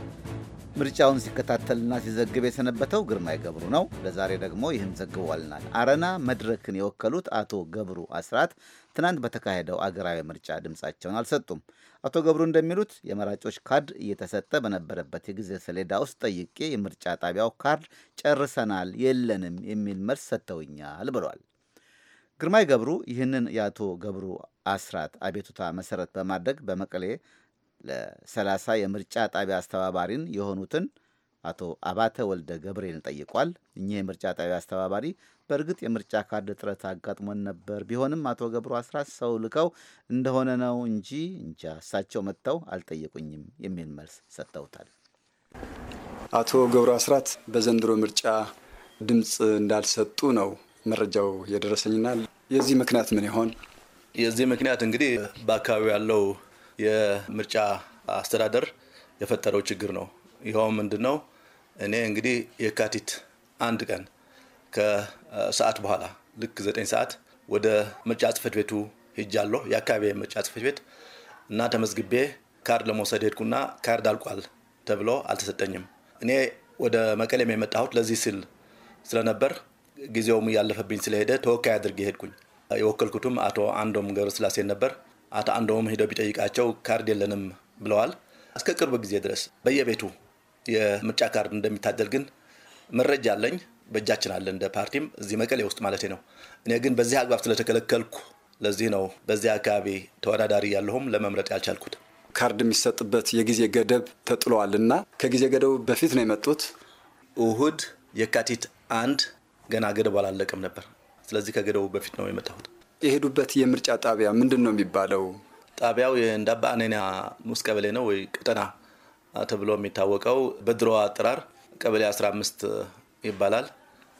ምርጫውን ሲከታተልና ሲዘግብ የሰነበተው ግርማይ ገብሩ ነው። ለዛሬ ደግሞ ይህን ዘግቧልናል። አረና መድረክን የወከሉት አቶ ገብሩ አስራት ትናንት በተካሄደው አገራዊ ምርጫ ድምፃቸውን አልሰጡም። አቶ ገብሩ እንደሚሉት የመራጮች ካርድ እየተሰጠ በነበረበት የጊዜ ሰሌዳ ውስጥ ጠይቄ የምርጫ ጣቢያው ካርድ ጨርሰናል፣ የለንም የሚል መልስ ሰጥተውኛል ብሏል። ግርማይ ገብሩ ይህንን የአቶ ገብሩ አስራት አቤቱታ መሰረት በማድረግ በመቀሌ ለሰላሳ የምርጫ ጣቢያ አስተባባሪን የሆኑትን አቶ አባተ ወልደ ገብሬን ጠይቋል። እኚህ የምርጫ ጣቢያ አስተባባሪ በእርግጥ የምርጫ ካርድ እጥረት አጋጥሞን ነበር፣ ቢሆንም አቶ ገብሩ አስራት ሰው ልከው እንደሆነ ነው እንጂ እንጃ እሳቸው መጥተው አልጠየቁኝም የሚል መልስ ሰጥተውታል። አቶ ገብሩ አስራት በዘንድሮ ምርጫ ድምፅ እንዳልሰጡ ነው መረጃው የደረሰኝናል። የዚህ ምክንያት ምን ይሆን? የዚህ ምክንያት እንግዲህ በአካባቢው ያለው የምርጫ አስተዳደር የፈጠረው ችግር ነው። ይኸውም ምንድን ነው? እኔ እንግዲህ የካቲት አንድ ቀን ከሰዓት በኋላ ልክ ዘጠኝ ሰዓት ወደ ምርጫ ጽህፈት ቤቱ ሄጃለሁ። የአካባቢ ምርጫ ጽህፈት ቤት እና ተመዝግቤ ካርድ ለመውሰድ ሄድኩና ካርድ አልቋል ተብሎ አልተሰጠኝም። እኔ ወደ መቀሌም የመጣሁት ለዚህ ስል ስለነበር ጊዜውም እያለፈብኝ ስለሄደ ተወካይ አድርጌ ሄድኩኝ። የወከልኩትም አቶ አንዶም ገብረስላሴን ነበር። አቶ አንዶም ሄደው ቢጠይቃቸው ካርድ የለንም ብለዋል። እስከ ቅርብ ጊዜ ድረስ በየቤቱ የምርጫ ካርድ እንደሚታደል ግን መረጃ አለኝ፣ በእጃችን አለ፣ እንደ ፓርቲም እዚህ መቀሌ ውስጥ ማለት ነው። እኔ ግን በዚህ አግባብ ስለተከለከልኩ ለዚህ ነው በዚህ አካባቢ ተወዳዳሪ ያለሁም ለመምረጥ ያልቻልኩት። ካርድ የሚሰጥበት የጊዜ ገደብ ተጥሏል እና ከጊዜ ገደቡ በፊት ነው የመጡት። እሁድ የካቲት አንድ ገና ገደቡ አላለቀም ነበር። ስለዚህ ከገደቡ በፊት ነው የመጣሁት። የሄዱበት የምርጫ ጣቢያ ምንድን ነው የሚባለው? ጣቢያው የእንዳባ አኔና ሙስ ቀበሌ ነው ወይ ቀጠና ተብሎ የሚታወቀው በድሮ አጠራር ቀበሌ 15 ይባላል።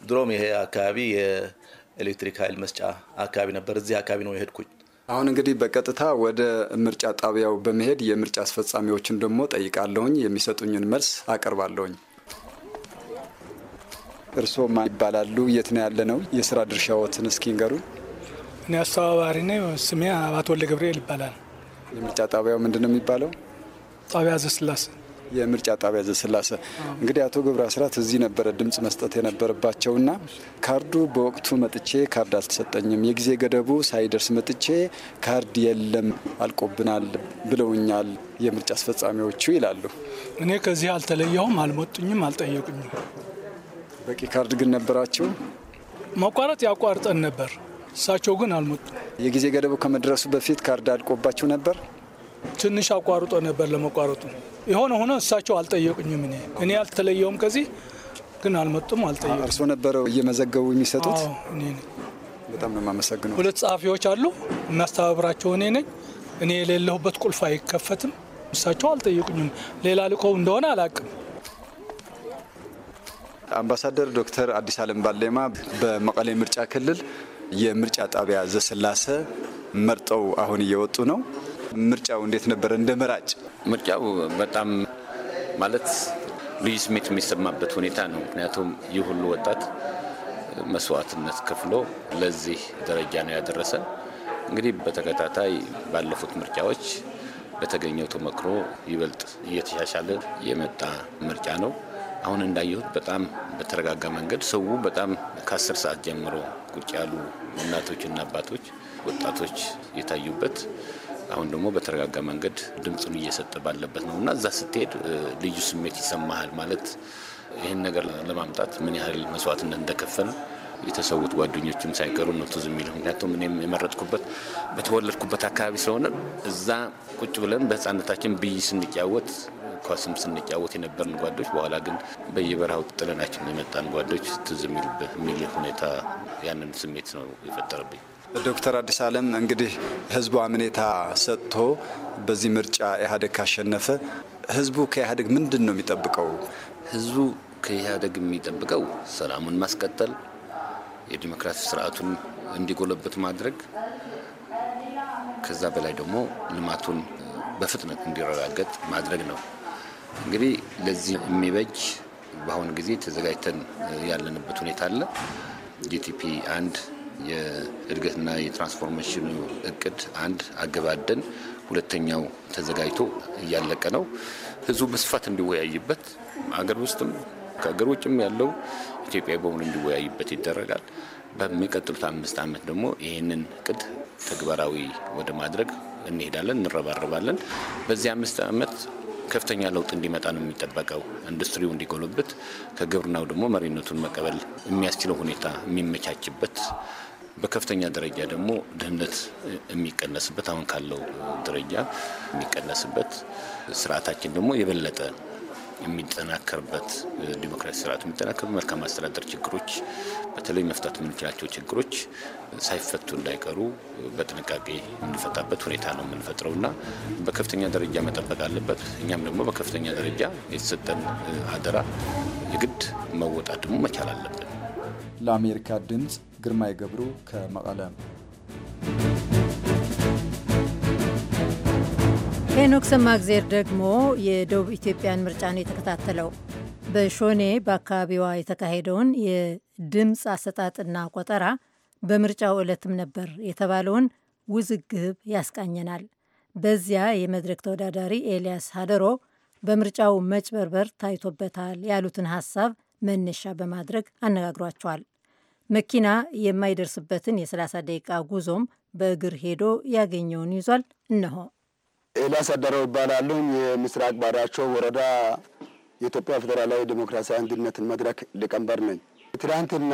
ድሮም ይሄ አካባቢ የኤሌክትሪክ ኃይል መስጫ አካባቢ ነበር። እዚህ አካባቢ ነው የሄድኩኝ። አሁን እንግዲህ በቀጥታ ወደ ምርጫ ጣቢያው በመሄድ የምርጫ አስፈጻሚዎችን ደግሞ ጠይቃለሁኝ። የሚሰጡኝን መልስ አቀርባለሁኝ። እርስዎ ማን ይባላሉ? የት ነው ያለ ነው? የስራ ድርሻዎትን እስኪ እኔ አስተባባሪ ነኝ። ስሜ አባት ወልደ ገብርኤል ይባላል። የምርጫ ጣቢያው ምንድን ነው የሚባለው? ጣቢያ ዘስላሴ የምርጫ ጣቢያ ዘስላሴ። እንግዲህ አቶ ገብረ አስራት እዚህ ነበረ ድምጽ መስጠት የነበረባቸው ና ካርዱ በወቅቱ መጥቼ ካርድ አልተሰጠኝም፣ የጊዜ ገደቡ ሳይደርስ መጥቼ ካርድ የለም አልቆብናል ብለውኛል የምርጫ አስፈጻሚዎቹ ይላሉ። እኔ ከዚህ አልተለየሁም፣ አልሞጡኝም፣ አልጠየቁኝም። በቂ ካርድ ግን ነበራቸው። መቋረጥ ያቋርጠን ነበር፣ እሳቸው ግን አልመጡም። የጊዜ ገደቡ ከመድረሱ በፊት ካርድ አልቆባቸው ነበር። ትንሽ አቋርጦ ነበር ለመቋረጡ። የሆነ ሆነ እሳቸው አልጠየቁኝም። እኔ እኔ አልተለየውም ከዚህ ግን አልመጡም፣ አልጠየቁም። እርስዎ ነበረው እየመዘገቡ የሚሰጡት? እኔ ነኝ። በጣም ነው የማመሰግነው። ሁለት ጸሐፊዎች አሉ፣ የሚያስተባብራቸው እኔ ነኝ። እኔ የሌለሁበት ቁልፍ አይከፈትም። እሳቸው አልጠየቁኝም። ሌላ ልኮው እንደሆነ አላቅም። አምባሳደር ዶክተር አዲስ አለም ባሌማ በመቀሌ ምርጫ ክልል የምርጫ ጣቢያ ዘስላሰ መርጠው አሁን እየወጡ ነው። ምርጫው እንዴት ነበረ? እንደ መራጭ ምርጫው በጣም ማለት ልዩ ስሜት የሚሰማበት ሁኔታ ነው። ምክንያቱም ይህ ሁሉ ወጣት መስዋዕትነት ከፍሎ ለዚህ ደረጃ ነው ያደረሰ። እንግዲህ በተከታታይ ባለፉት ምርጫዎች በተገኘው ተሞክሮ ይበልጥ እየተሻሻለ የመጣ ምርጫ ነው። አሁን እንዳየሁት በጣም በተረጋጋ መንገድ ሰው በጣም ከአስር ሰዓት ጀምሮ ቁጭ ያሉ እናቶችና አባቶች፣ ወጣቶች የታዩበት አሁን ደግሞ በተረጋጋ መንገድ ድምፁን እየሰጠ ባለበት ነው እና እዛ ስትሄድ ልዩ ስሜት ይሰማሃል። ማለት ይህን ነገር ለማምጣት ምን ያህል መስዋዕትነት እንደከፈል የተሰዉት ጓደኞችም ሳይቀሩ ነው ትዝ የሚለው። ምክንያቱም እኔም የመረጥኩበት በተወለድኩበት አካባቢ ስለሆነ እዛ ቁጭ ብለን በህፃነታችን ብይ ስንጫወት ኳስም ስንጫወት የነበርን ጓዶች በኋላ ግን በየበረሃው ጥለናችን የመጣን ጓዶች ትዝ የሚሉበት የሚል ሁኔታ ያንን ስሜት ነው የፈጠረብኝ። ዶክተር አዲስ አለም እንግዲህ ህዝቡ አምኔታ ሰጥቶ በዚህ ምርጫ ኢህአዴግ ካሸነፈ ህዝቡ ከኢህአዴግ ምንድን ነው የሚጠብቀው? ህዝቡ ከኢህአዴግ የሚጠብቀው ሰላሙን ማስቀጠል፣ የዲሞክራሲ ስርዓቱን እንዲጎለበት ማድረግ፣ ከዛ በላይ ደግሞ ልማቱን በፍጥነት እንዲረጋገጥ ማድረግ ነው። እንግዲህ ለዚህ የሚበጅ በአሁኑ ጊዜ ተዘጋጅተን ያለንበት ሁኔታ አለ። ጂቲፒ አንድ የእድገትና የትራንስፎርሜሽኑ እቅድ አንድ አገባደን ሁለተኛው ተዘጋጅቶ እያለቀ ነው። ህዝቡ በስፋት እንዲወያይበት አገር ውስጥም ከሀገር ውጭም ያለው ኢትዮጵያ በሙሉ እንዲወያይበት ይደረጋል። በሚቀጥሉት አምስት ዓመት ደግሞ ይህንን እቅድ ተግባራዊ ወደ ማድረግ እንሄዳለን፣ እንረባረባለን። በዚህ አምስት ዓመት ከፍተኛ ለውጥ እንዲመጣ ነው የሚጠበቀው። ኢንዱስትሪው እንዲጎለብት ከግብርናው ደግሞ መሪነቱን መቀበል የሚያስችለው ሁኔታ የሚመቻችበት በከፍተኛ ደረጃ ደግሞ ድህነት የሚቀነስበት አሁን ካለው ደረጃ የሚቀነስበት ስርዓታችን ደግሞ የበለጠ የሚጠናከርበት ዲሞክራሲ ስርዓቱ የሚጠናከርበት መልካም አስተዳደር ችግሮች፣ በተለይ መፍታት የምንችላቸው ችግሮች ሳይፈቱ እንዳይቀሩ በጥንቃቄ የምንፈታበት ሁኔታ ነው የምንፈጥረው እና በከፍተኛ ደረጃ መጠበቅ አለበት። እኛም ደግሞ በከፍተኛ ደረጃ የተሰጠን አደራ የግድ መወጣት ደግሞ መቻል አለብን። ለአሜሪካ ድምፅ ግርማይ ገብሩ ከመቀለም ሄኖክ ሰማግዜር ደግሞ የደቡብ ኢትዮጵያን ምርጫ ነው የተከታተለው። በሾኔ በአካባቢዋ የተካሄደውን የድምፅ አሰጣጥና ቆጠራ በምርጫው ዕለትም ነበር የተባለውን ውዝግብ ያስቃኘናል። በዚያ የመድረክ ተወዳዳሪ ኤልያስ ሀደሮ በምርጫው መጭበርበር ታይቶበታል ያሉትን ሀሳብ መነሻ በማድረግ አነጋግሯቸዋል። መኪና የማይደርስበትን የ30 ደቂቃ ጉዞም በእግር ሄዶ ያገኘውን ይዟል። እነሆ ኤልያስ አዳራው ይባላለሁ። የምስራቅ ባሪያቸው ወረዳ የኢትዮጵያ ፌዴራላዊ ዴሞክራሲያዊ አንድነትን መድረክ ሊቀመንበር ነኝ። ትናንትና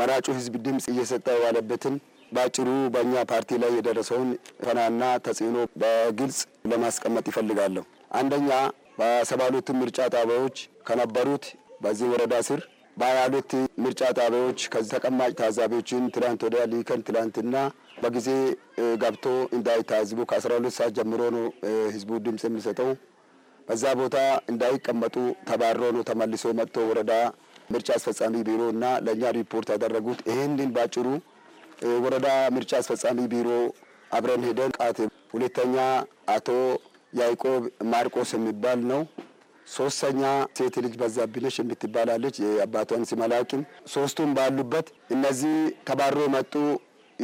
መራጩ ህዝብ ድምፅ እየሰጠ የዋለበትን በአጭሩ በእኛ ፓርቲ ላይ የደረሰውን ፈናና ተጽዕኖ በግልጽ ለማስቀመጥ ይፈልጋለሁ። አንደኛ፣ በሰባ ሁለቱም ምርጫ ጣቢያዎች ከነበሩት በዚህ ወረዳ ስር በሀያሁለት ምርጫ ጣቢያዎች ከዚህ ተቀማጭ ታዛቢዎችን ትላንት ወዲያ ሊከን ትላንትና በጊዜ ገብቶ እንዳይታዝቡ ከአስራ ሁለት ሰዓት ጀምሮ ነው ህዝቡ ድምፅ የሚሰጠው። በዛ ቦታ እንዳይቀመጡ ተባሮ ነው ተመልሶ መጥቶ ወረዳ ምርጫ አስፈጻሚ ቢሮ እና ለእኛ ሪፖርት ያደረጉት። ይህንን ባጭሩ ወረዳ ምርጫ አስፈጻሚ ቢሮ አብረን ሄደን ቃት ሁለተኛ አቶ ያዕቆብ ማርቆስ የሚባል ነው ሶስተኛ ሴት ልጅ በዛብነሽ የምትባላለች የአባቷን ሲመላቂም ሶስቱም ባሉበት እነዚህ ከባሮ መጡ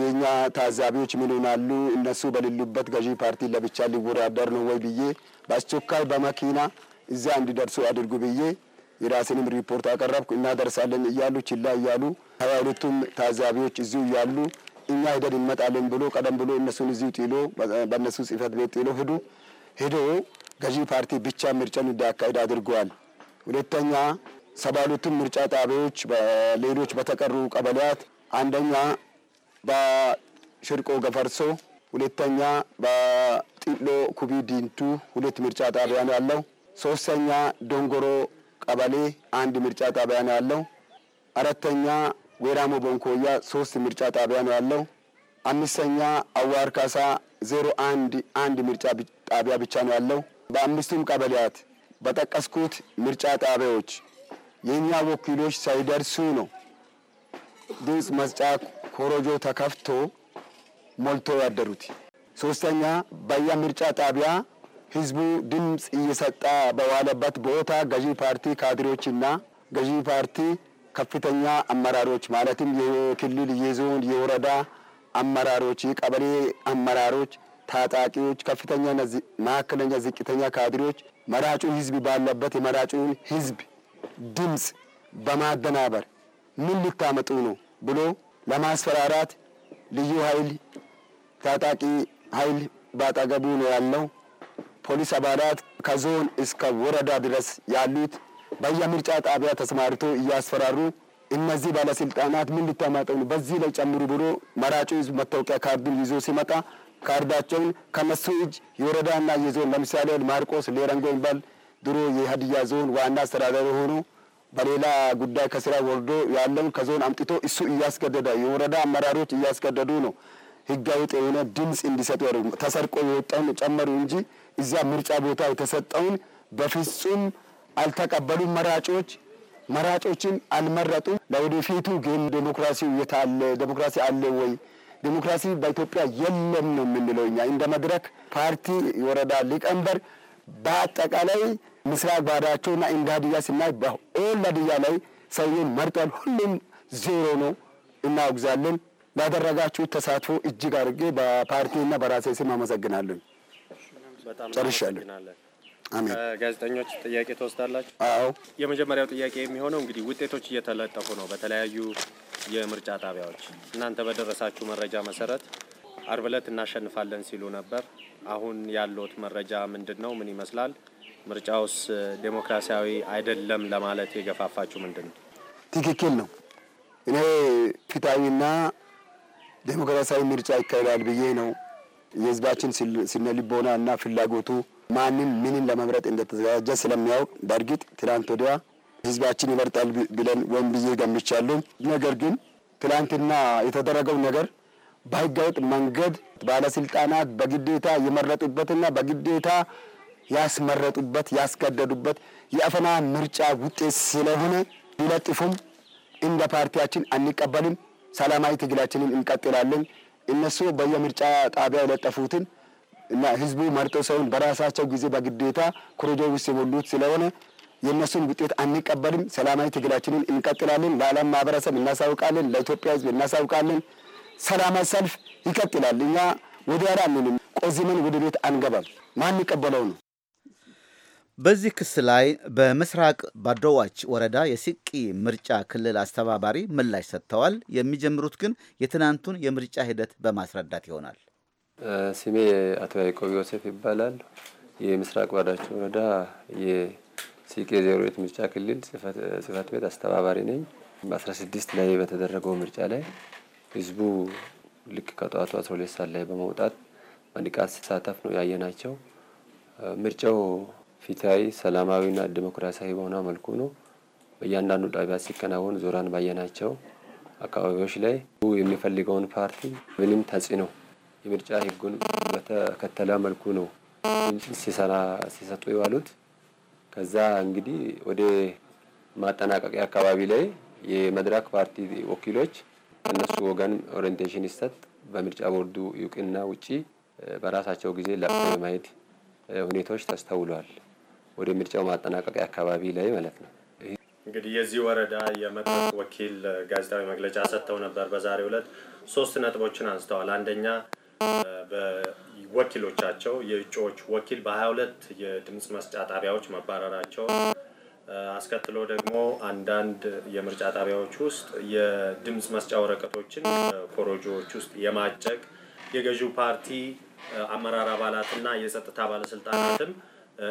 የኛ ታዛቢዎች ምን ይሆናሉ? እነሱ በሌሉበት ገዢ ፓርቲ ለብቻ ሊወዳደር ነው ወይ ብዬ በአስቸኳይ በመኪና እዚያ እንዲደርሱ አድርጉ ብዬ የራስንም ሪፖርት አቀረብኩ። እናደርሳለን እያሉ ችላ እያሉ ሀያ ሁለቱም ታዛቢዎች እዚሁ እያሉ እኛ ሂደን እንመጣለን ብሎ ቀደም ብሎ እነሱን እዚሁ ጥሎ በእነሱ ጽህፈት ቤት ጥሎ ሂዱ ሄዶ ገዢ ፓርቲ ብቻ ምርጫ እንዲያካሄድ አድርጓል። ሁለተኛ ሰባሉትም ምርጫ ጣቢያዎች ሌሎች በተቀሩ ቀበሌያት አንደኛ በሽርቆ ገፈርሶ፣ ሁለተኛ በጢሎ ኩቢ ዲንቱ ሁለት ምርጫ ጣቢያ ነው ያለው። ሶስተኛ ዶንጎሮ ቀበሌ አንድ ምርጫ ጣቢያ ነው ያለው። አራተኛ ወይራሞ ቦንኮያ ሶስት ምርጫ ጣቢያ ነው ያለው። አምስተኛ አዋር ካሳ ዜሮ አንድ አንድ ምርጫ ጣቢያ ብቻ ነው ያለው። በአምስቱም ቀበሌያት በጠቀስኩት ምርጫ ጣቢያዎች የእኛ ወኪሎች ሳይደርሱ ነው ድምፅ መስጫ ኮሮጆ ተከፍቶ ሞልቶ ያደሩት። ሶስተኛ በየምርጫ ጣቢያ ህዝቡ ድምፅ እየሰጠ በዋለበት ቦታ ገዢ ፓርቲ ካድሬዎችና ገዢ ፓርቲ ከፍተኛ አመራሮች ማለትም የክልል፣ የዞን፣ የወረዳ አመራሮች፣ የቀበሌ አመራሮች፣ ታጣቂዎች፣ ከፍተኛና መካከለኛ፣ ዝቅተኛ ካድሬዎች መራጩ ህዝብ ባለበት የመራጩን ህዝብ ድምፅ በማደናበር ምን ልታመጡ ነው ብሎ ለማስፈራራት ልዩ ኃይል ታጣቂ ኃይል ባጠገቡ ነው ያለው። ፖሊስ አባላት ከዞን እስከ ወረዳ ድረስ ያሉት በየምርጫ ጣቢያ ተሰማርቶ እያስፈራሩ እነዚህ ባለስልጣናት ምን ሊታማጠው ነው በዚህ ላይ ጨምሩ ብሎ መራጩ ህዝብ መታወቂያ ካርዱን ይዞ ሲመጣ ካርዳቸውን ከነሱ እጅ የወረዳና የዞን ለምሳሌ ማርቆስ ሌረንጎ ይባል ድሮ የሀዲያ ዞን ዋና አስተዳዳሪ ሆኖ በሌላ ጉዳይ ከስራ ወርዶ ያለውን ከዞን አምጥቶ እሱ እያስገደደ የወረዳ አመራሮች እያስገደዱ ነው ህጋዊ የሆነ ድምፅ እንዲሰጡ ያደርጉ ተሰርቆ የወጣውን ጨመሩ እንጂ እዚያ ምርጫ ቦታ የተሰጠውን በፍጹም አልተቀበሉም መራጮች መራጮችን አልመረጡም። ለወደፊቱ ግን ዴሞክራሲው የት አለ? ዴሞክራሲ አለ ወይ? ዴሞክራሲ በኢትዮጵያ የለም ነው የምንለው እኛ እንደ መድረክ ፓርቲ የወረዳ ሊቀመንበር በአጠቃላይ ምስራቅ ባዳቸውና እንደ ሀዲያ ስናይ በኦላድያ ላይ ሰውዬን መርጧል። ሁሉም ዜሮ ነው። እናውግዛለን። ላደረጋችሁ ተሳትፎ እጅግ አድርጌ በፓርቲና በራሴ ስም አመሰግናለሁ። ጨርሻለሁ። ጋዜጠኞች ጥያቄ ትወስዳላችሁ? አዎ። የመጀመሪያው ጥያቄ የሚሆነው እንግዲህ ውጤቶች እየተለጠፉ ነው በተለያዩ የምርጫ ጣቢያዎች። እናንተ በደረሳችሁ መረጃ መሰረት አርብ ዕለት እናሸንፋለን ሲሉ ነበር። አሁን ያለት መረጃ ምንድን ነው? ምን ይመስላል? ምርጫውስ ዴሞክራሲያዊ አይደለም ለማለት የገፋፋችሁ ምንድን ነው? ትክክል ነው። እኔ ፍትሐዊና ዴሞክራሲያዊ ምርጫ ይካሄዳል ብዬ ነው የህዝባችን ስነ ልቦና እና ፍላጎቱ ማንም ምንን ለመምረጥ እንደተዘጋጀ ስለሚያውቅ በእርግጥ ትላንት ወዲያ ህዝባችን ይመርጣል ብለን ወይም ብዬ ገምቻለሁ። ነገር ግን ትላንትና የተደረገው ነገር በህገወጥ መንገድ ባለስልጣናት በግዴታ የመረጡበትና በግዴታ ያስመረጡበት ያስገደዱበት የአፈና ምርጫ ውጤት ስለሆነ ሊለጥፉም እንደ ፓርቲያችን አንቀበልም። ሰላማዊ ትግላችንን እንቀጥላለን። እነሱ በየምርጫ ጣቢያ የለጠፉትን እና ህዝቡ መርጦ ሳይሆን በራሳቸው ጊዜ በግዴታ ኮሪዶ ውስጥ የሞሉት ስለሆነ የእነሱን ውጤት አንቀበልም። ሰላማዊ ትግላችንን እንቀጥላለን። ለዓለም ማህበረሰብ እናሳውቃለን። ለኢትዮጵያ ህዝብ እናሳውቃለን። ሰላማዊ ሰልፍ ይቀጥላል። እኛ ወዲያራ አንልም፣ ቆዝመን ወደ ቤት አንገባም። ማን ይቀበለው ነው። በዚህ ክስ ላይ በምስራቅ ባዶዋች ወረዳ የሲቂ ምርጫ ክልል አስተባባሪ ምላሽ ሰጥተዋል። የሚጀምሩት ግን የትናንቱን የምርጫ ሂደት በማስረዳት ይሆናል። ስሜ አቶ ያዕቆብ ዮሴፍ ይባላል። የምስራቅ ባዳቸው ወረዳ የሲቄ ዜሮ ቤት ምርጫ ክልል ጽህፈት ቤት አስተባባሪ ነኝ። በአስራ ስድስት ላይ በተደረገው ምርጫ ላይ ህዝቡ ልክ ከጠዋቱ አስራ ሁለት ሰዓት ላይ በመውጣት በንቃት ሲሳተፍ ነው ያየናቸው። ምርጫው ፊታዊ ሰላማዊና ዲሞክራሲያዊ በሆነ መልኩ ነው በእያንዳንዱ ጣቢያ ሲከናወን ዞራን ባየናቸው አካባቢዎች ላይ የሚፈልገውን ፓርቲ ምንም ተጽዕኖ የምርጫ ህጉን በተከተለ መልኩ ነው ሲሰራ ሲሰጡ የዋሉት። ከዛ እንግዲህ ወደ ማጠናቀቂያ አካባቢ ላይ የመድረክ ፓርቲ ወኪሎች እነሱ ወገን ኦሪንቴሽን ይሰጥ በምርጫ ቦርዱ እውቅና ውጪ በራሳቸው ጊዜ ለቅሶ የማየት ሁኔታዎች ተስተውሏል። ወደ ምርጫው ማጠናቀቂያ አካባቢ ላይ ማለት ነው። እንግዲህ የዚህ ወረዳ የመድረክ ወኪል ጋዜጣዊ መግለጫ ሰጥተው ነበር። በዛሬው ዕለት ሶስት ነጥቦችን አንስተዋል። አንደኛ ወኪሎቻቸው የእጩዎች ወኪል በ22 የድምፅ መስጫ ጣቢያዎች መባረራቸው አስከትሎ ደግሞ አንዳንድ የምርጫ ጣቢያዎች ውስጥ የድምፅ መስጫ ወረቀቶችን ኮሮጆዎች ውስጥ የማጨቅ የገዢው ፓርቲ አመራር አባላትና የጸጥታ ባለስልጣናትም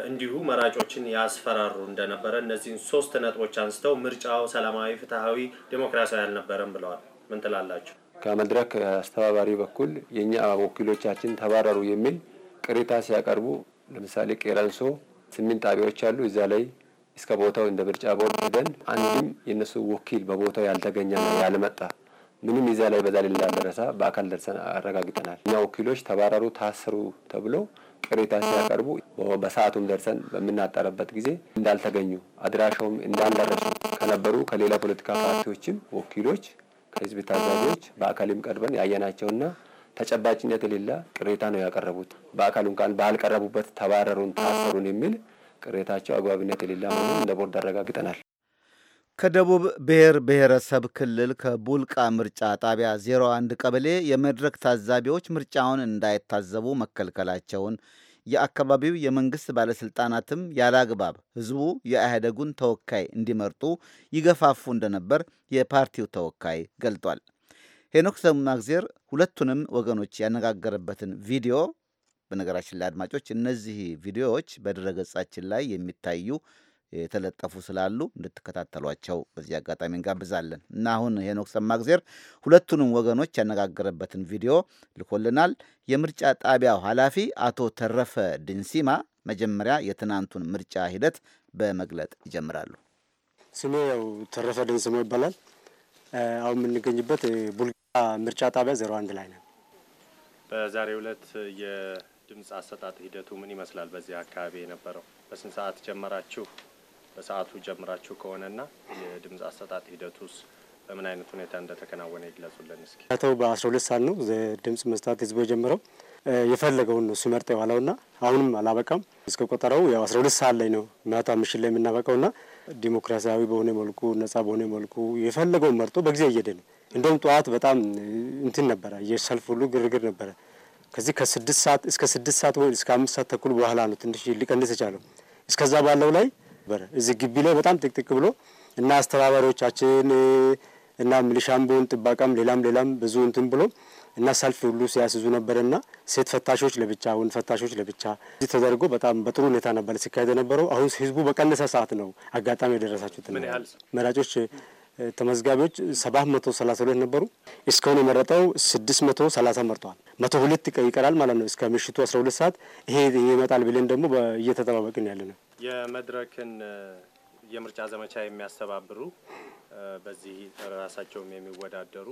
እንዲሁ መራጮችን ያስፈራሩ እንደነበረ እነዚህን ሶስት ነጥቦች አንስተው ምርጫው ሰላማዊ፣ ፍትሐዊ፣ ዴሞክራሲያዊ አልነበረም ብለዋል። ምን ትላላችሁ? ከመድረክ አስተባባሪ በኩል የእኛ ወኪሎቻችን ተባረሩ የሚል ቅሬታ ሲያቀርቡ ለምሳሌ ቄረንሶ ስምንት ጣቢያዎች አሉ። እዛ ላይ እስከ ቦታው እንደ ምርጫ ቦርድ ሄደን አንድም የእነሱ ወኪል በቦታው ያልተገኘ ነው ያልመጣ ምንም እዛ ላይ በዛ ሌላ ደረሳ በአካል ደርሰን አረጋግጠናል። እኛ ወኪሎች ተባረሩ፣ ታሰሩ ተብሎ ቅሬታ ሲያቀርቡ በሰዓቱም ደርሰን በምናጠረበት ጊዜ እንዳልተገኙ አድራሻውም እንዳልደረሱ ከነበሩ ከሌላ ፖለቲካ ፓርቲዎችም ወኪሎች ህዝብ ታዛቢዎች በአካልም ቀርበን ያየናቸውና ተጨባጭነት የሌለ ቅሬታ ነው ያቀረቡት። በአካል እንኳን ባልቀረቡበት ተባረሩን፣ ታሰሩን የሚል ቅሬታቸው አግባብነት የሌለ መሆኑን እንደ ቦርድ አረጋግጠናል። ከደቡብ ብሔር ብሔረሰብ ክልል ከቡልቃ ምርጫ ጣቢያ 01 ቀበሌ የመድረክ ታዛቢዎች ምርጫውን እንዳይታዘቡ መከልከላቸውን የአካባቢው የመንግሥት ባለሥልጣናትም ያለ አግባብ ሕዝቡ የአህደጉን ተወካይ እንዲመርጡ ይገፋፉ እንደነበር የፓርቲው ተወካይ ገልጧል። ሄኖክ ሰማግዜር ሁለቱንም ወገኖች ያነጋገረበትን ቪዲዮ በነገራችን ላይ አድማጮች፣ እነዚህ ቪዲዮዎች በድረገጻችን ላይ የሚታዩ የተለጠፉ ስላሉ እንድትከታተሏቸው በዚህ አጋጣሚ እንጋብዛለን እና አሁን ሄኖክ ሰማግዜር ሁለቱንም ወገኖች ያነጋገረበትን ቪዲዮ ልኮልናል። የምርጫ ጣቢያው ኃላፊ አቶ ተረፈ ድንሲማ መጀመሪያ የትናንቱን ምርጫ ሂደት በመግለጥ ይጀምራሉ። ስሜ ያው ተረፈ ድንሲማ ይባላል። አሁን የምንገኝበት ቡልጋ ምርጫ ጣቢያ ዜሮ አንድ ላይ ነው። በዛሬው ዕለት የድምፅ አሰጣጥ ሂደቱ ምን ይመስላል? በዚህ አካባቢ የነበረው በስንት ሰዓት ጀመራችሁ? በሰዓቱ ጀምራችሁ ከሆነና የድምፅ አሰጣጥ ሂደቱ ሂደቱስ በምን አይነት ሁኔታ እንደተከናወነ ይግለጹልን እስኪ። ተው በአስራ ሁለት ሰዓት ነው ድምፅ መስጣት ህዝቡ የጀመረው የፈለገውን ነው ሲመርጥ ና አሁንም አላበቃም። እስከ ቆጠራው ያው አስራ ሁለት ሰዓት ላይ ነው ማታ ምሽል ላይ የምናበቀው ና ዲሞክራሲያዊ በሆነ መልኩ ነጻ በሆነ መልኩ የፈለገውን መርጦ በጊዜ እየሄደ ነው። እንደውም ጠዋት በጣም እንትን ነበረ የሰልፍ ሁሉ ግርግር ነበረ። ከዚህ ከስድስት ሰዓት እስከ ስድስት ሰዓት ወይ እስከ አምስት ሰዓት ተኩል በኋላ ነው ትንሽ ሊቀንስ የቻለው። እስከዛ ባለው ላይ ነበረ። እዚህ ግቢ ላይ በጣም ጥቅጥቅ ብሎ እና አስተባባሪዎቻችን እና ሚሊሻም ቢሆን ጥባቃም ሌላም ሌላም ብዙ እንትን ብሎ እና ሰልፍ ሁሉ ሲያስዙ ነበር እና ሴት ፈታሾች ለብቻ ወንድ ፈታሾች ለብቻ እዚህ ተደርጎ በጣም በጥሩ ሁኔታ ነበር ሲካሄድ የነበረው። አሁን ህዝቡ በቀነሰ ሰዓት ነው አጋጣሚ የደረሳችሁት። መራጮች ተመዝጋቢዎች ሰባት መቶ ሰላሳ ሁለት ነበሩ። እስካሁን የመረጠው ስድስት መቶ ሰላሳ መርጠዋል። መቶ ሁለት ይቀራል ማለት ነው እስከ ምሽቱ አስራ ሁለት ሰዓት ይሄ ይመጣል ብለን ደግሞ እየተጠባበቅን ያለ ነው። የመድረክን የምርጫ ዘመቻ የሚያስተባብሩ በዚህ ራሳቸውም የሚወዳደሩ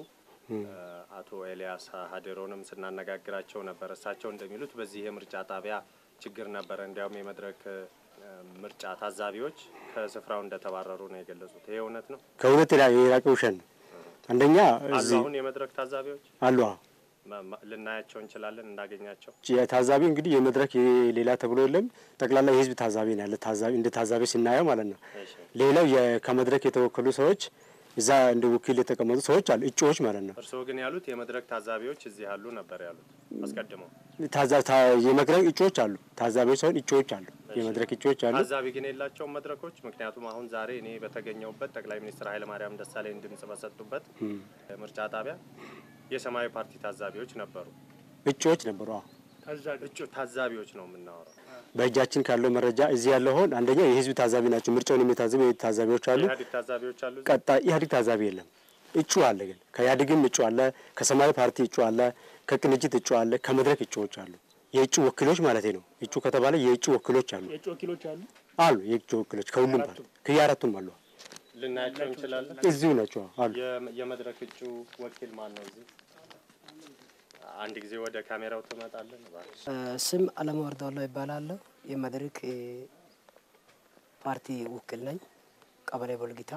አቶ ኤልያስ ሀዴሮንም ስናነጋግራቸው ነበር። እሳቸው እንደሚሉት በዚህ የምርጫ ጣቢያ ችግር ነበረ። እንዲያውም የመድረክ ምርጫ ታዛቢዎች ከስፍራው እንደተባረሩ ነው የገለጹት። ይሄ እውነት ነው? ከእውነት የራቀ ውሸት ነው። አንደኛ አሁን የመድረክ ታዛቢዎች አሉ ልናያቸው እንችላለን እንዳገኛቸው ታዛቢ እንግዲህ የመድረክ ሌላ ተብሎ የለም። ጠቅላላ የህዝብ ታዛቢ ነው ያለ ታዛቢ እንደ ታዛቢ ስናየው ማለት ነው። ሌላው ከመድረክ የተወከሉ ሰዎች እዛ እንደ ውኪል የተቀመጡ ሰዎች አሉ፣ እጩዎች ማለት ነው። እርስዎ ግን ያሉት የመድረክ ታዛቢዎች እዚህ አሉ ነበር ያሉት አስቀድመው። የመድረክ እጩዎች አሉ፣ ታዛቢዎች ሳይሆን እጩዎች አሉ፣ የመድረክ እጩዎች አሉ። ታዛቢ ግን የላቸውም መድረኮች። ምክንያቱም አሁን ዛሬ እኔ በተገኘውበት ጠቅላይ ሚኒስትር ኃይለማርያም ደሳለኝ ድምጽ በሰጡበት ምርጫ ጣቢያ የሰማያዊ ፓርቲ ታዛቢዎች ነበሩ። እጩዎች ነበሩ። ታዛቢዎች ነው የምናወራው። በእጃችን ካለው መረጃ እዚህ ያለሆን ሆን አንደኛ የህዝብ ታዛቢ ናቸው። ምርጫውን የሚታዘቡ ታዛቢዎች አሉ። ቀጣ ኢህአዴግ ታዛቢ የለም። እጩ አለ ግን ከኢህአዴግም እጩ አለ፣ ከሰማያዊ ፓርቲ እጩ አለ፣ ከቅንጅት እጩ አለ፣ ከመድረክ እጩዎች አሉ። የእጩ ወኪሎች ማለት ነው። እጩ ከተባለ የእጩ ወኪሎች አሉ አሉ የእጩ ወኪሎች ከሁሉም ፓርቲ ከየአራቱም አሉ ልናያቸው እንችላለን። እዚሁ ናቸው አሉ። የመድረክ እጩ ወኪል ማን ነው? እዚህ አንድ ጊዜ ወደ ካሜራው ትመጣለን። ስም አለም አለመወርዳሎ ይባላለሁ። የመድረክ ፓርቲ ውክል ነኝ። ቀበሌ ቦልጊታ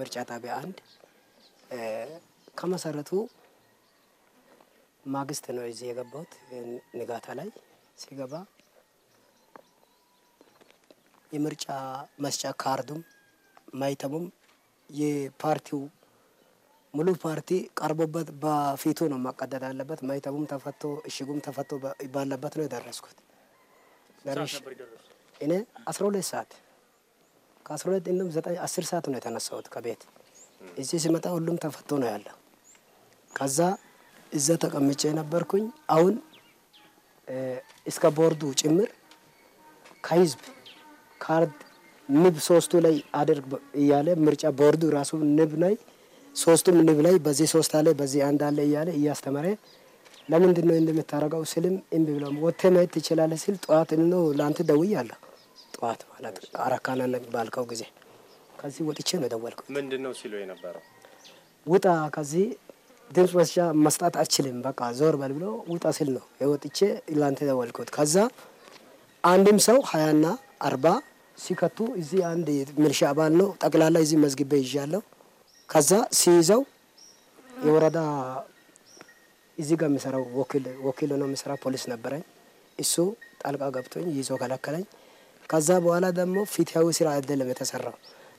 ምርጫ ጣቢያ አንድ ከመሰረቱ ማግስት ነው እዚህ የገባሁት። ንጋታ ላይ ሲገባ የምርጫ መስጫ ካርዱም ማይተሙም የፓርቲው ሙሉ ፓርቲ ቀርቦበት በፊቱ ነው መቀደድ ያለበት። ማይተቡም ተፈቶ እሽጉም ተፈቶ ባለበት ነው የደረስኩት። እኔ አስራ ሁለት ሰዓት ከአስራ ሁለት እንደውም ዘጠኝ አስር ሰዓት ነው የተነሳሁት ከቤት እዚህ ሲመጣ ሁሉም ተፈቶ ነው ያለው። ከዛ እዛ ተቀምጬ ነበርኩኝ። አሁን እስከ ቦርዱ ጭምር ከህዝብ ካርድ ንብ ሶስቱ ላይ አድርግ እያለ ምርጫ ቦርዱ ራሱ ንብ ላይ ሶስቱም ንብ ላይ በዚህ ሶስት አለ በዚህ አንድ አለ እያለ እያስተመረ ለምንድን ነው እንደምታረገው ስልም እምቢ ብለው ወጥተህ ማየት ትችላለህ ሲል ጠዋት ነው ለአንተ አለ ጠዋት ማለት አራካና ባልከው ጊዜ ከዚህ ወጥቼ ነው ደወልኩት። ምንድን ነው ሲሉ የነበረው ውጣ ከዚህ ድምፅ መስጫ መስጣት አችልም፣ በቃ ዞር በል ብሎ ውጣ ስል ነው የወጥቼ ለአንተ ደወልኩት። ከዛ አንድም ሰው ሀያና አርባ ሲከቱ እዚህ አንድ ሚልሻ አባል ነው ጠቅላላ እዚህ መዝግቤ ይዣለሁ። ከዛ ሲይዘው የወረዳ እዚህ ጋር የሚሰራው ወኪል ነው የሚሰራ ፖሊስ ነበረኝ። እሱ ጣልቃ ገብቶኝ ይዞ ከለከለኝ። ከዛ በኋላ ደግሞ ፍትሐዊ ስራ አይደለም የተሰራው።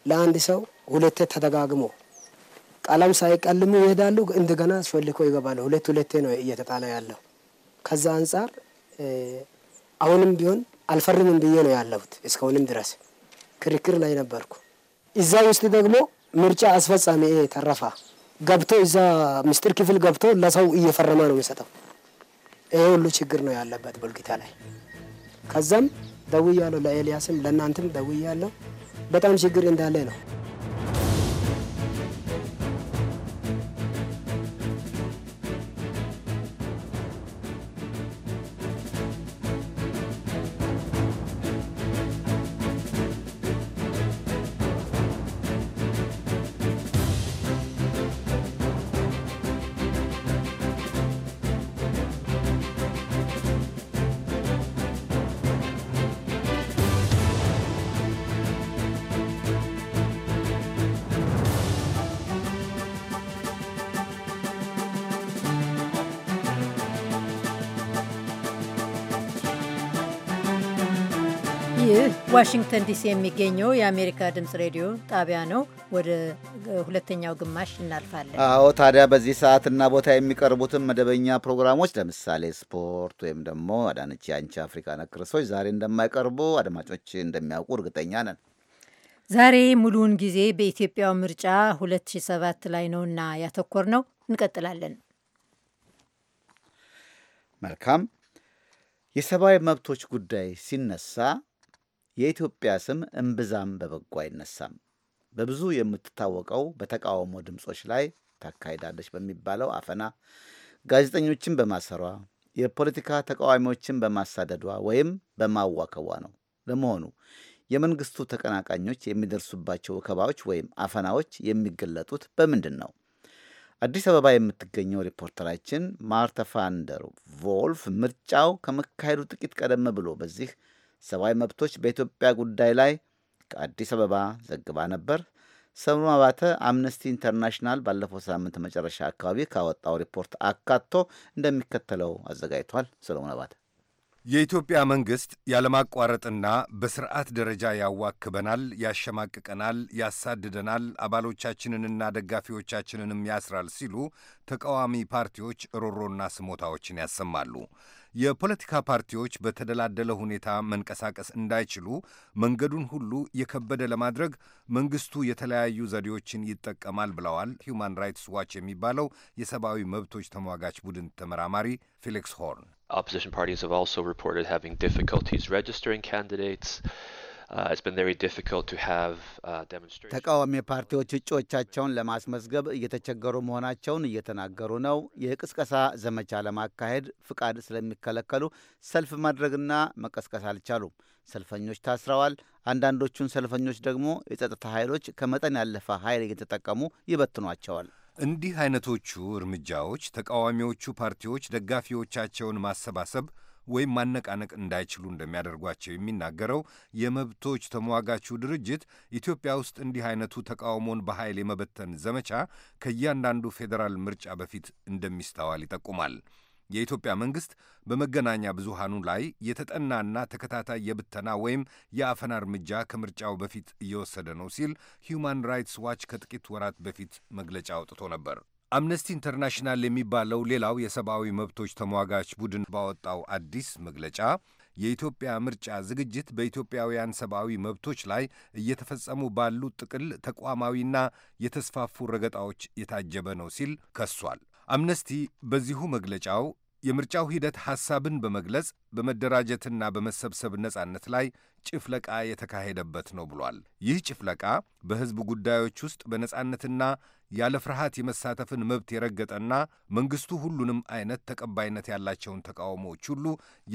ለአንድ ሰው ሁለቴ ተደጋግሞ ቀለም ሳይቀልሙ ይሄዳሉ፣ እንደገና ሾልኮ ይገባሉ። ሁለት ሁለቴ ነው እየተጣለ ያለው። ከዛ አንጻር አሁንም ቢሆን አልፈርምም ብዬ ነው ያለሁት። እስካሁንም ድረስ ክርክር ላይ ነበርኩ። እዛ ውስጥ ደግሞ ምርጫ አስፈጻሚ ተረፋ ገብቶ እዛ ምስጢር ክፍል ገብቶ ለሰው እየፈረመ ነው የሚሰጠው። ይሄ ሁሉ ችግር ነው ያለበት ቦልጊታ ላይ። ከዛም ደውያለሁ፣ ለኤልያስም ለእናንተም ደውያለሁ። በጣም ችግር እንዳለ ነው። ዋሽንግተን ዲሲ የሚገኘው የአሜሪካ ድምፅ ሬዲዮ ጣቢያ ነው። ወደ ሁለተኛው ግማሽ እናልፋለን። አዎ ታዲያ በዚህ ሰዓትና ቦታ የሚቀርቡትን መደበኛ ፕሮግራሞች ለምሳሌ ስፖርት ወይም ደግሞ አዳነች የአንቺ አፍሪካ ነክ ርዕሶች ዛሬ እንደማይቀርቡ አድማጮች እንደሚያውቁ እርግጠኛ ነን። ዛሬ ሙሉውን ጊዜ በኢትዮጵያው ምርጫ 2007 ላይ ነውና ያተኮር ነው። እንቀጥላለን። መልካም የሰብአዊ መብቶች ጉዳይ ሲነሳ የኢትዮጵያ ስም እምብዛም በበጎ አይነሳም። በብዙ የምትታወቀው በተቃውሞ ድምፆች ላይ ታካሂዳለች በሚባለው አፈና፣ ጋዜጠኞችን በማሰሯ፣ የፖለቲካ ተቃዋሚዎችን በማሳደዷ ወይም በማዋከቧ ነው። ለመሆኑ የመንግስቱ ተቀናቃኞች የሚደርሱባቸው ወከባዎች ወይም አፈናዎች የሚገለጡት በምንድን ነው? አዲስ አበባ የምትገኘው ሪፖርተራችን ማርታ ፋንደር ቮልፍ ምርጫው ከመካሄዱ ጥቂት ቀደም ብሎ በዚህ ሰብአዊ መብቶች በኢትዮጵያ ጉዳይ ላይ ከአዲስ አበባ ዘግባ ነበር። ሰሎሞን አባተ አምነስቲ ኢንተርናሽናል ባለፈው ሳምንት መጨረሻ አካባቢ ካወጣው ሪፖርት አካቶ እንደሚከተለው አዘጋጅቷል። ሰሎሞን አባተ የኢትዮጵያ መንግሥት ያለማቋረጥና በስርዓት ደረጃ ያዋክበናል፣ ያሸማቅቀናል፣ ያሳድደናል፣ አባሎቻችንንና ደጋፊዎቻችንንም ያስራል ሲሉ ተቃዋሚ ፓርቲዎች ሮሮና ስሞታዎችን ያሰማሉ። የፖለቲካ ፓርቲዎች በተደላደለ ሁኔታ መንቀሳቀስ እንዳይችሉ መንገዱን ሁሉ የከበደ ለማድረግ መንግስቱ የተለያዩ ዘዴዎችን ይጠቀማል ብለዋል ሂውማን ራይትስ ዋች የሚባለው የሰብአዊ መብቶች ተሟጋች ቡድን ተመራማሪ ፊሊክስ ሆርን። Opposition parties have also reported having difficulties registering candidates. Uh, uh, ተቃዋሚ ፓርቲዎች እጩዎቻቸውን ለማስመዝገብ እየተቸገሩ መሆናቸውን እየተናገሩ ነው። የቅስቀሳ ዘመቻ ለማካሄድ ፍቃድ ስለሚከለከሉ ሰልፍ ማድረግና መቀስቀስ አልቻሉም። ሰልፈኞች ታስረዋል። አንዳንዶቹን ሰልፈኞች ደግሞ የጸጥታ ኃይሎች ከመጠን ያለፈ ኃይል እየተጠቀሙ ይበትኗቸዋል። እንዲህ አይነቶቹ እርምጃዎች ተቃዋሚዎቹ ፓርቲዎች ደጋፊዎቻቸውን ማሰባሰብ ወይም ማነቃነቅ እንዳይችሉ እንደሚያደርጓቸው የሚናገረው የመብቶች ተሟጋቹ ድርጅት ኢትዮጵያ ውስጥ እንዲህ አይነቱ ተቃውሞን በኃይል የመበተን ዘመቻ ከእያንዳንዱ ፌዴራል ምርጫ በፊት እንደሚስተዋል ይጠቁማል። የኢትዮጵያ መንግስት በመገናኛ ብዙሃኑ ላይ የተጠናና ተከታታይ የብተና ወይም የአፈና እርምጃ ከምርጫው በፊት እየወሰደ ነው ሲል ሂዩማን ራይትስ ዋች ከጥቂት ወራት በፊት መግለጫ አውጥቶ ነበር። አምነስቲ ኢንተርናሽናል የሚባለው ሌላው የሰብአዊ መብቶች ተሟጋች ቡድን ባወጣው አዲስ መግለጫ የኢትዮጵያ ምርጫ ዝግጅት በኢትዮጵያውያን ሰብአዊ መብቶች ላይ እየተፈጸሙ ባሉ ጥቅል ተቋማዊና የተስፋፉ ረገጣዎች የታጀበ ነው ሲል ከሷል። አምነስቲ በዚሁ መግለጫው የምርጫው ሂደት ሐሳብን በመግለጽ በመደራጀትና በመሰብሰብ ነጻነት ላይ ጭፍለቃ የተካሄደበት ነው ብሏል። ይህ ጭፍለቃ በሕዝብ ጉዳዮች ውስጥ በነጻነትና ያለ ፍርሃት የመሳተፍን መብት የረገጠና መንግሥቱ ሁሉንም አይነት ተቀባይነት ያላቸውን ተቃውሞዎች ሁሉ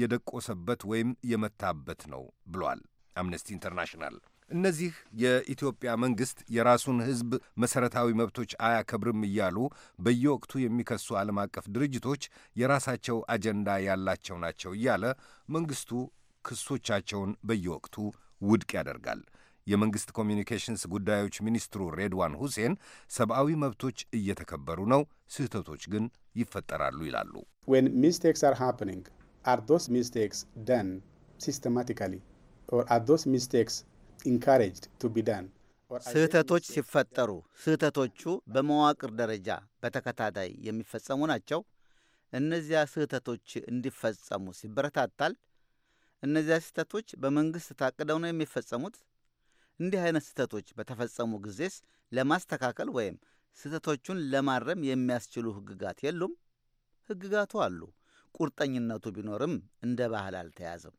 የደቆሰበት ወይም የመታበት ነው ብሏል አምነስቲ ኢንተርናሽናል። እነዚህ የኢትዮጵያ መንግሥት የራሱን ሕዝብ መሠረታዊ መብቶች አያከብርም እያሉ በየወቅቱ የሚከሱ ዓለም አቀፍ ድርጅቶች የራሳቸው አጀንዳ ያላቸው ናቸው እያለ መንግሥቱ ክሶቻቸውን በየወቅቱ ውድቅ ያደርጋል። የመንግሥት ኮሚኒኬሽንስ ጉዳዮች ሚኒስትሩ ሬድዋን ሁሴን ሰብአዊ መብቶች እየተከበሩ ነው፣ ስህተቶች ግን ይፈጠራሉ ይላሉ። ዌን ሚስቴክስ አር ሃፕኒንግ አር ዶስ ሚስቴክስ ደን ሲስተማቲካሊ ኦር አር ዶስ ሚስቴክስ ስህተቶች ሲፈጠሩ ስህተቶቹ በመዋቅር ደረጃ በተከታታይ የሚፈጸሙ ናቸው። እነዚያ ስህተቶች እንዲፈጸሙ ሲበረታታል። እነዚያ ስህተቶች በመንግሥት ታቅደው ነው የሚፈጸሙት። እንዲህ አይነት ስህተቶች በተፈጸሙ ጊዜስ ለማስተካከል ወይም ስህተቶቹን ለማረም የሚያስችሉ ሕግጋት የሉም። ሕግጋቱ አሉ። ቁርጠኝነቱ ቢኖርም እንደ ባህል አልተያዘም።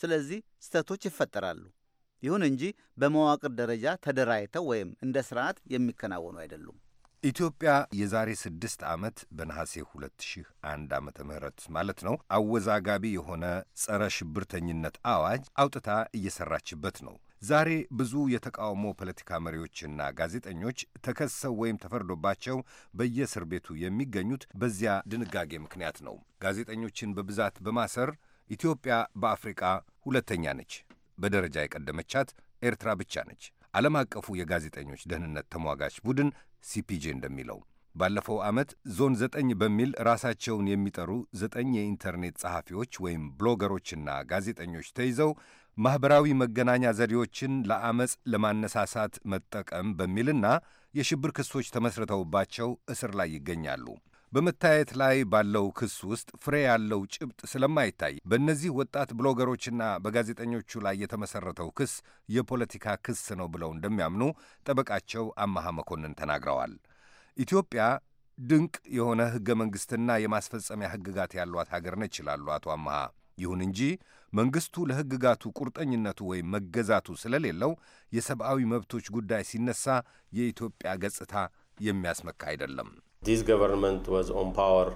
ስለዚህ ስህተቶች ይፈጠራሉ። ይሁን እንጂ በመዋቅር ደረጃ ተደራጅተው ወይም እንደ ስርዓት የሚከናወኑ አይደሉም። ኢትዮጵያ የዛሬ ስድስት ዓመት በነሐሴ 2001 ዓመተ ምህረት ማለት ነው አወዛጋቢ የሆነ ጸረ ሽብርተኝነት አዋጅ አውጥታ እየሰራችበት ነው። ዛሬ ብዙ የተቃውሞ ፖለቲካ መሪዎችና ጋዜጠኞች ተከሰው ወይም ተፈርዶባቸው በየእስር ቤቱ የሚገኙት በዚያ ድንጋጌ ምክንያት ነው። ጋዜጠኞችን በብዛት በማሰር ኢትዮጵያ በአፍሪቃ ሁለተኛ ነች። በደረጃ የቀደመቻት ኤርትራ ብቻ ነች። ዓለም አቀፉ የጋዜጠኞች ደህንነት ተሟጋች ቡድን ሲፒጄ እንደሚለው ባለፈው ዓመት ዞን ዘጠኝ በሚል ራሳቸውን የሚጠሩ ዘጠኝ የኢንተርኔት ጸሐፊዎች ወይም ብሎገሮችና ጋዜጠኞች ተይዘው ማኅበራዊ መገናኛ ዘዴዎችን ለዐመፅ ለማነሳሳት መጠቀም በሚልና የሽብር ክሶች ተመስርተውባቸው እስር ላይ ይገኛሉ። በመታየት ላይ ባለው ክስ ውስጥ ፍሬ ያለው ጭብጥ ስለማይታይ በእነዚህ ወጣት ብሎገሮችና በጋዜጠኞቹ ላይ የተመሰረተው ክስ የፖለቲካ ክስ ነው ብለው እንደሚያምኑ ጠበቃቸው አመሃ መኮንን ተናግረዋል። ኢትዮጵያ ድንቅ የሆነ ሕገ መንግሥትና የማስፈጸሚያ ሕግጋት ያሏት ሀገር ነች ይላሉ አቶ አመሃ። ይሁን እንጂ መንግሥቱ ለሕግጋቱ ቁርጠኝነቱ ወይም መገዛቱ ስለሌለው የሰብአዊ መብቶች ጉዳይ ሲነሳ የኢትዮጵያ ገጽታ የሚያስመካ አይደለም። This government was on power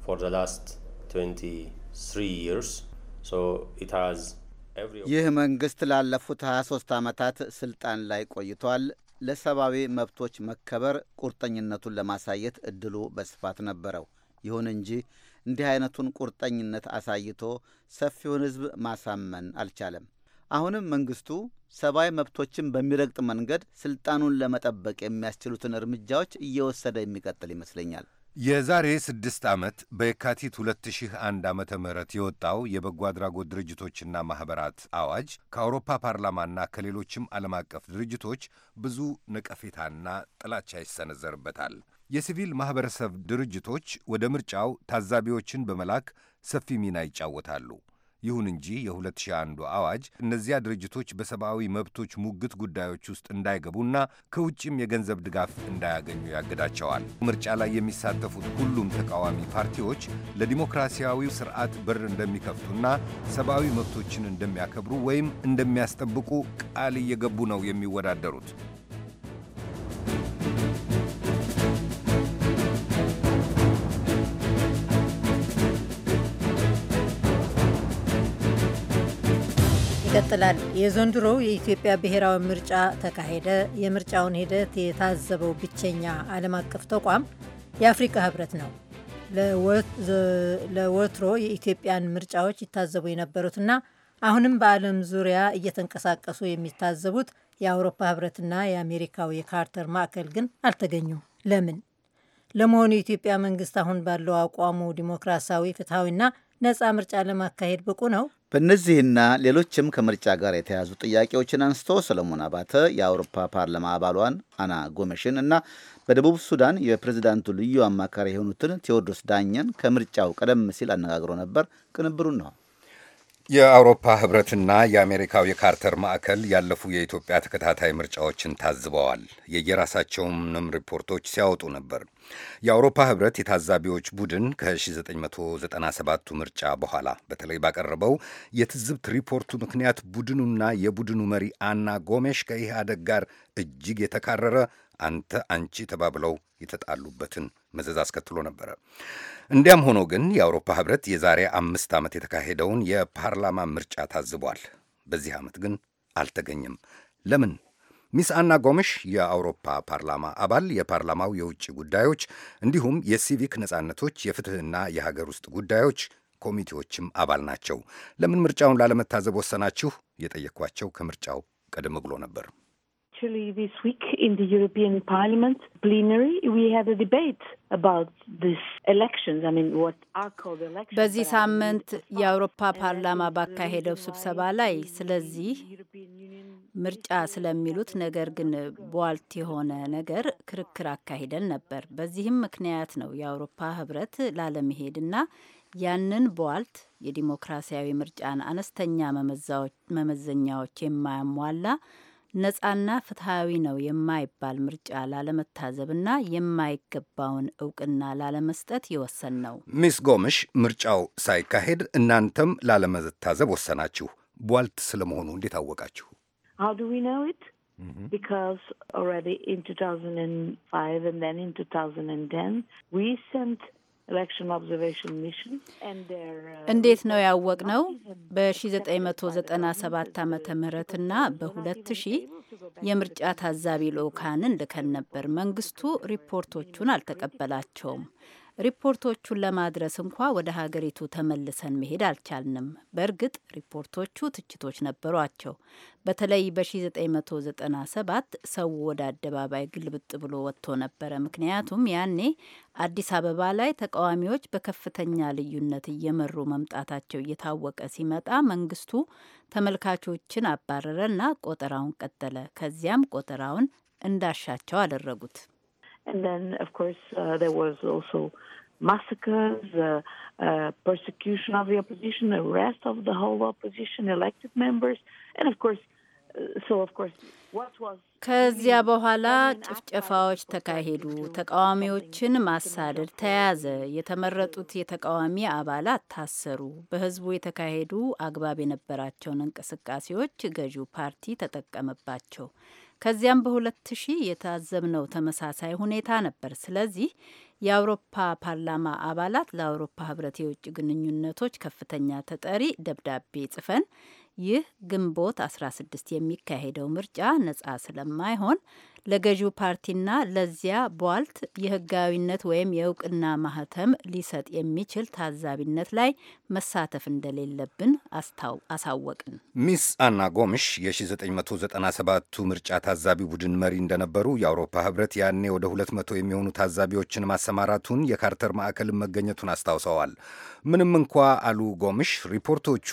for the last 23 years, so it has ይህ መንግስት ላለፉት 23 ዓመታት ስልጣን ላይ ቆይቷል። ለሰብአዊ መብቶች መከበር ቁርጠኝነቱን ለማሳየት እድሉ በስፋት ነበረው። ይሁን እንጂ እንዲህ አይነቱን ቁርጠኝነት አሳይቶ ሰፊውን ህዝብ ማሳመን አልቻለም። አሁንም መንግስቱ ሰብአዊ መብቶችን በሚረግጥ መንገድ ስልጣኑን ለመጠበቅ የሚያስችሉትን እርምጃዎች እየወሰደ የሚቀጥል ይመስለኛል። የዛሬ ስድስት ዓመት በየካቲት 2001 ዓ ም የወጣው የበጎ አድራጎት ድርጅቶችና ማኅበራት አዋጅ ከአውሮፓ ፓርላማና ከሌሎችም ዓለም አቀፍ ድርጅቶች ብዙ ነቀፌታና ጥላቻ ይሰነዘርበታል። የሲቪል ማኅበረሰብ ድርጅቶች ወደ ምርጫው ታዛቢዎችን በመላክ ሰፊ ሚና ይጫወታሉ። ይሁን እንጂ የ2001 አዋጅ እነዚያ ድርጅቶች በሰብአዊ መብቶች ሙግት ጉዳዮች ውስጥ እንዳይገቡና ከውጭም የገንዘብ ድጋፍ እንዳያገኙ ያግዳቸዋል። ምርጫ ላይ የሚሳተፉት ሁሉም ተቃዋሚ ፓርቲዎች ለዲሞክራሲያዊ ስርዓት በር እንደሚከፍቱና ሰብአዊ መብቶችን እንደሚያከብሩ ወይም እንደሚያስጠብቁ ቃል እየገቡ ነው የሚወዳደሩት። ይቀጥላል። የዘንድሮው የኢትዮጵያ ብሔራዊ ምርጫ ተካሄደ። የምርጫውን ሂደት የታዘበው ብቸኛ ዓለም አቀፍ ተቋም የአፍሪካ ህብረት ነው። ለወትሮ የኢትዮጵያን ምርጫዎች ይታዘቡ የነበሩትና አሁንም በዓለም ዙሪያ እየተንቀሳቀሱ የሚታዘቡት የአውሮፓ ህብረትና የአሜሪካው የካርተር ማዕከል ግን አልተገኙም። ለምን? ለመሆኑ የኢትዮጵያ መንግስት አሁን ባለው አቋሙ ዲሞክራሲያዊ፣ ፍትሐዊና ነፃ ምርጫ ለማካሄድ ብቁ ነው? በእነዚህና ሌሎችም ከምርጫ ጋር የተያዙ ጥያቄዎችን አንስቶ ሰለሞን አባተ የአውሮፓ ፓርላማ አባሏን አና ጎመሽን እና በደቡብ ሱዳን የፕሬዚዳንቱ ልዩ አማካሪ የሆኑትን ቴዎድሮስ ዳኘን ከምርጫው ቀደም ሲል አነጋግሮ ነበር። ቅንብሩን ነው የአውሮፓ ህብረትና የአሜሪካው የካርተር ማዕከል ያለፉ የኢትዮጵያ ተከታታይ ምርጫዎችን ታዝበዋል። የየራሳቸውንም ሪፖርቶች ሲያወጡ ነበር። የአውሮፓ ህብረት የታዛቢዎች ቡድን ከ1997ቱ ምርጫ በኋላ በተለይ ባቀረበው የትዝብት ሪፖርቱ ምክንያት ቡድኑና የቡድኑ መሪ አና ጎሜሽ ከኢህአደግ ጋር እጅግ የተካረረ አንተ አንቺ ተባብለው የተጣሉበትን መዘዝ አስከትሎ ነበረ። እንዲያም ሆኖ ግን የአውሮፓ ህብረት የዛሬ አምስት ዓመት የተካሄደውን የፓርላማ ምርጫ ታዝቧል። በዚህ ዓመት ግን አልተገኘም። ለምን? ሚስ አና ጎምሽ የአውሮፓ ፓርላማ አባል፣ የፓርላማው የውጭ ጉዳዮች እንዲሁም የሲቪክ ነጻነቶች የፍትህና የሀገር ውስጥ ጉዳዮች ኮሚቴዎችም አባል ናቸው። ለምን ምርጫውን ላለመታዘብ ወሰናችሁ? የጠየቅኳቸው ከምርጫው ቀደም ብሎ ነበር። Actually, this week in the European Parliament plenary, we had a debate about this elections. I mean, what are called elections. በዚህ ሳምንት የአውሮፓ ፓርላማ ባካሄደው ስብሰባ ላይ ስለዚህ ምርጫ ስለሚሉት ነገር ግን ቧልት የሆነ ነገር ክርክር አካሂደን ነበር። በዚህም ምክንያት ነው የአውሮፓ ህብረት ላለመሄድና ያንን ቧልት የዲሞክራሲያዊ ምርጫን አነስተኛ መመዘኛዎች የማያሟላ ነጻና ፍትሐዊ ነው የማይባል ምርጫ ላለመታዘብና የማይገባውን እውቅና ላለመስጠት የወሰን ነው። ሚስ ጎምሽ ምርጫው ሳይካሄድ እናንተም ላለመታዘብ ወሰናችሁ። ቧልት ስለመሆኑ እንዴት አወቃችሁ? ቢካዝ 2005 2010 Uh, እንዴት ነው ነው? በ1997 ዓ ምህረትና በ2000 የምርጫ ታዛቢ ልኡካንን ልከን ነበር። መንግስቱ ሪፖርቶቹን አልተቀበላቸውም። ሪፖርቶቹን ለማድረስ እንኳ ወደ ሀገሪቱ ተመልሰን መሄድ አልቻልንም። በእርግጥ ሪፖርቶቹ ትችቶች ነበሯቸው። በተለይ በ1997 ሰው ወደ አደባባይ ግልብጥ ብሎ ወጥቶ ነበረ። ምክንያቱም ያኔ አዲስ አበባ ላይ ተቃዋሚዎች በከፍተኛ ልዩነት እየመሩ መምጣታቸው እየታወቀ ሲመጣ መንግስቱ ተመልካቾችን አባረረና ቆጠራውን ቀጠለ። ከዚያም ቆጠራውን እንዳሻቸው አደረጉት። And then, of course, uh, there was also massacres, uh, uh, persecution of the opposition, arrest of the whole opposition, elected members, and of course, ከዚያ በኋላ ጭፍጨፋዎች ተካሄዱ። ተቃዋሚዎችን ማሳደድ ተያዘ። የተመረጡት የተቃዋሚ አባላት ታሰሩ። በህዝቡ የተካሄዱ አግባብ የነበራቸውን እንቅስቃሴዎች ገዢው ፓርቲ ተጠቀመባቸው። ከዚያም በሁለት ሺህ የታዘብነው ተመሳሳይ ሁኔታ ነበር። ስለዚህ የአውሮፓ ፓርላማ አባላት ለአውሮፓ ህብረት የውጭ ግንኙነቶች ከፍተኛ ተጠሪ ደብዳቤ ጽፈን ይህ ግንቦት 16 የሚካሄደው ምርጫ ነጻ ስለማይሆን ለገዢው ፓርቲና ለዚያ ቧልት የህጋዊነት ወይም የእውቅና ማህተም ሊሰጥ የሚችል ታዛቢነት ላይ መሳተፍ እንደሌለብን አሳወቅን። ሚስ አና ጎምሽ የ1997ቱ ምርጫ ታዛቢ ቡድን መሪ እንደነበሩ የአውሮፓ ህብረት ያኔ ወደ 200 የሚሆኑ ታዛቢዎችን ማሰማራቱን የካርተር ማዕከልን መገኘቱን አስታውሰዋል። ምንም እንኳ አሉ ጎምሽ ሪፖርቶቹ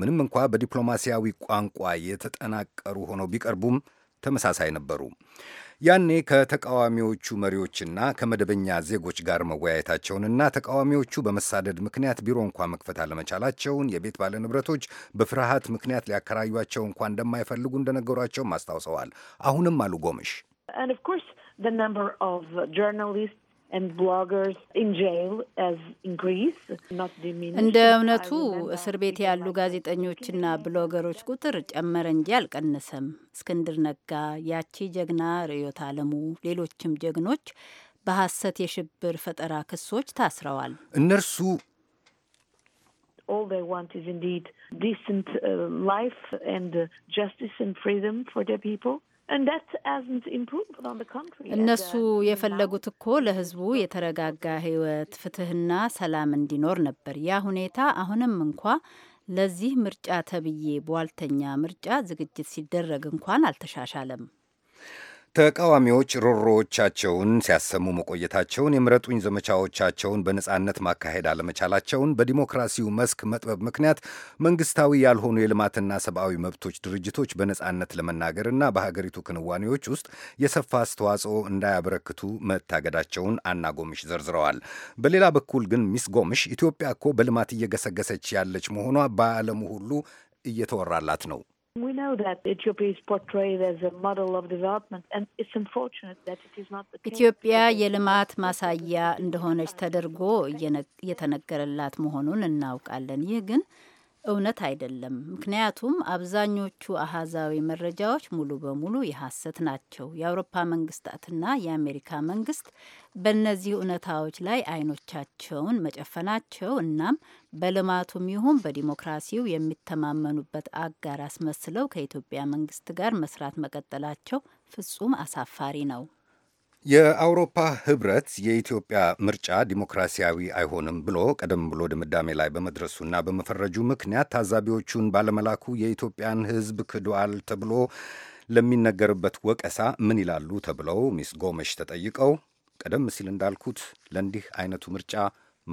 ምንም እንኳ በዲፕሎማሲያዊ ቋንቋ የተጠናቀሩ ሆነው ቢቀርቡም ተመሳሳይ ነበሩ። ያኔ ከተቃዋሚዎቹ መሪዎችና ከመደበኛ ዜጎች ጋር መወያየታቸውንና ተቃዋሚዎቹ በመሳደድ ምክንያት ቢሮ እንኳ መክፈት አለመቻላቸውን የቤት ባለንብረቶች በፍርሃት ምክንያት ሊያከራዩቸው እንኳ እንደማይፈልጉ እንደነገሯቸውም አስታውሰዋል። አሁንም አሉ ጎምሽ እንደ እውነቱ እስር ቤት ያሉ ጋዜጠኞችና ብሎገሮች ቁጥር ጨመረ እንጂ አልቀነሰም። እስክንድር ነጋ፣ ያቺ ጀግና ርዕዮት አለሙ፣ ሌሎችም ጀግኖች በሐሰት የሽብር ፈጠራ ክሶች ታስረዋል። እነርሱ እነሱ uh, የፈለጉት እኮ ለህዝቡ የተረጋጋ ህይወት ፍትህና ሰላም እንዲኖር ነበር። ያ ሁኔታ አሁንም እንኳ ለዚህ ምርጫ ተብዬ ቧልተኛ ምርጫ ዝግጅት ሲደረግ እንኳን አልተሻሻለም። ተቃዋሚዎች ሮሮዎቻቸውን ሲያሰሙ መቆየታቸውን፣ የምረጡኝ ዘመቻዎቻቸውን በነጻነት ማካሄድ አለመቻላቸውን፣ በዲሞክራሲው መስክ መጥበብ ምክንያት መንግስታዊ ያልሆኑ የልማትና ሰብአዊ መብቶች ድርጅቶች በነጻነት ለመናገርና በሀገሪቱ ክንዋኔዎች ውስጥ የሰፋ አስተዋጽኦ እንዳያበረክቱ መታገዳቸውን አና ጎምሽ ዘርዝረዋል። በሌላ በኩል ግን ሚስ ጎምሽ ኢትዮጵያ እኮ በልማት እየገሰገሰች ያለች መሆኗ በዓለሙ ሁሉ እየተወራላት ነው We know that Ethiopia is portrayed as a model of development and it's unfortunate that it is not the case. ኢትዮጵያ የልማት ማሳያ እንደሆነች ተደርጎ እየተነገረላት መሆኑን እናውቃለን። ይህ ግን እውነት አይደለም። ምክንያቱም አብዛኞቹ አሃዛዊ መረጃዎች ሙሉ በሙሉ የሐሰት ናቸው። የአውሮፓ መንግስታትና የአሜሪካ መንግስት በእነዚህ እውነታዎች ላይ አይኖቻቸውን መጨፈናቸው እናም በልማቱም ይሁን በዲሞክራሲው የሚተማመኑበት አጋር አስመስለው ከኢትዮጵያ መንግስት ጋር መስራት መቀጠላቸው ፍጹም አሳፋሪ ነው። የአውሮፓ ህብረት የኢትዮጵያ ምርጫ ዲሞክራሲያዊ አይሆንም ብሎ ቀደም ብሎ ድምዳሜ ላይ በመድረሱና በመፈረጁ ምክንያት ታዛቢዎቹን ባለመላኩ የኢትዮጵያን ህዝብ ክዷል ተብሎ ለሚነገርበት ወቀሳ ምን ይላሉ ተብለው ሚስ ጎመሽ ተጠይቀው ቀደም ሲል እንዳልኩት ለእንዲህ አይነቱ ምርጫ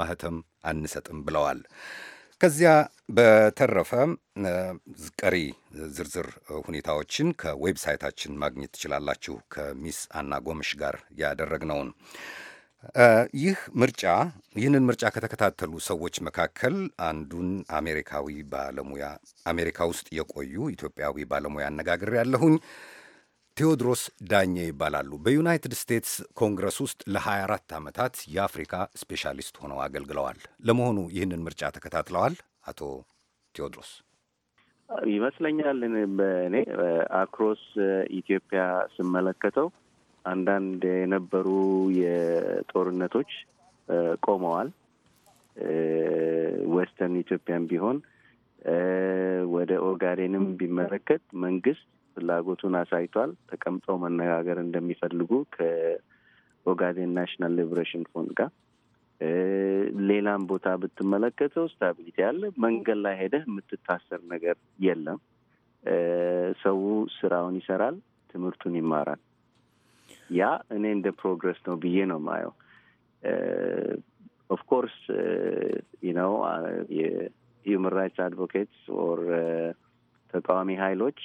ማህተም አንሰጥም ብለዋል። ከዚያ በተረፈ ቀሪ ዝርዝር ሁኔታዎችን ከዌብሳይታችን ማግኘት ትችላላችሁ። ከሚስ አና ጎምሽ ጋር ያደረግነውን ይህ ምርጫ ይህንን ምርጫ ከተከታተሉ ሰዎች መካከል አንዱን አሜሪካዊ ባለሙያ አሜሪካ ውስጥ የቆዩ ኢትዮጵያዊ ባለሙያ አነጋግሬ ያለሁኝ። ቴዎድሮስ ዳኘ ይባላሉ። በዩናይትድ ስቴትስ ኮንግረስ ውስጥ ለ24 ዓመታት የአፍሪካ ስፔሻሊስት ሆነው አገልግለዋል። ለመሆኑ ይህንን ምርጫ ተከታትለዋል? አቶ ቴዎድሮስ ይመስለኛል። በእኔ አክሮስ ኢትዮጵያ ስመለከተው አንዳንድ የነበሩ የጦርነቶች ቆመዋል። ዌስተርን ኢትዮጵያን ቢሆን ወደ ኦጋዴንም ቢመለከት መንግስት ፍላጎቱን አሳይቷል። ተቀምጠው መነጋገር እንደሚፈልጉ ከኦጋዴን ናሽናል ሊብሬሽን ፎንድ ጋር ሌላም ቦታ ብትመለከተው ስታቢሊቲ ያለ መንገድ ላይ ሄደህ የምትታሰር ነገር የለም። ሰው ስራውን ይሰራል፣ ትምህርቱን ይማራል። ያ እኔ እንደ ፕሮግረስ ነው ብዬ ነው የማየው። ኦፍኮርስ ነው የሂውማን ራይትስ አድቮኬትስ ኦር ተቃዋሚ ሀይሎች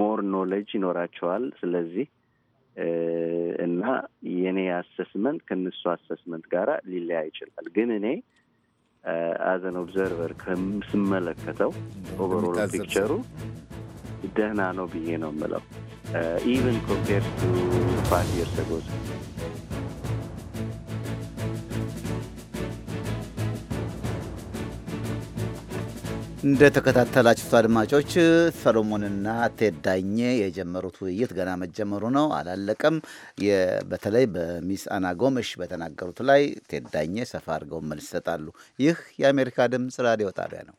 ሞር ኖሌጅ ይኖራቸዋል። ስለዚህ እና የእኔ አሰስመንት ከእነሱ አሰስመንት ጋር ሊለያይ ይችላል። ግን እኔ አዘን ኦብዘርቨር ስመለከተው ኦቨሮል ፒክቸሩ ደህና ነው ብዬ ነው የምለው ኢቨን ኮምፔር ቱ ፋይቭ ይርስ ተከታተላችሁት አድማጮች ሰሎሞንና ቴዳኘ የጀመሩት ውይይት ገና መጀመሩ ነው፣ አላለቀም። በተለይ በሚስ አና ጎመሽ በተናገሩት ላይ ቴዳኘ ሰፋ አድርገው መልስ ይሰጣሉ። ይህ የአሜሪካ ድምፅ ራዲዮ ጣቢያ ነው።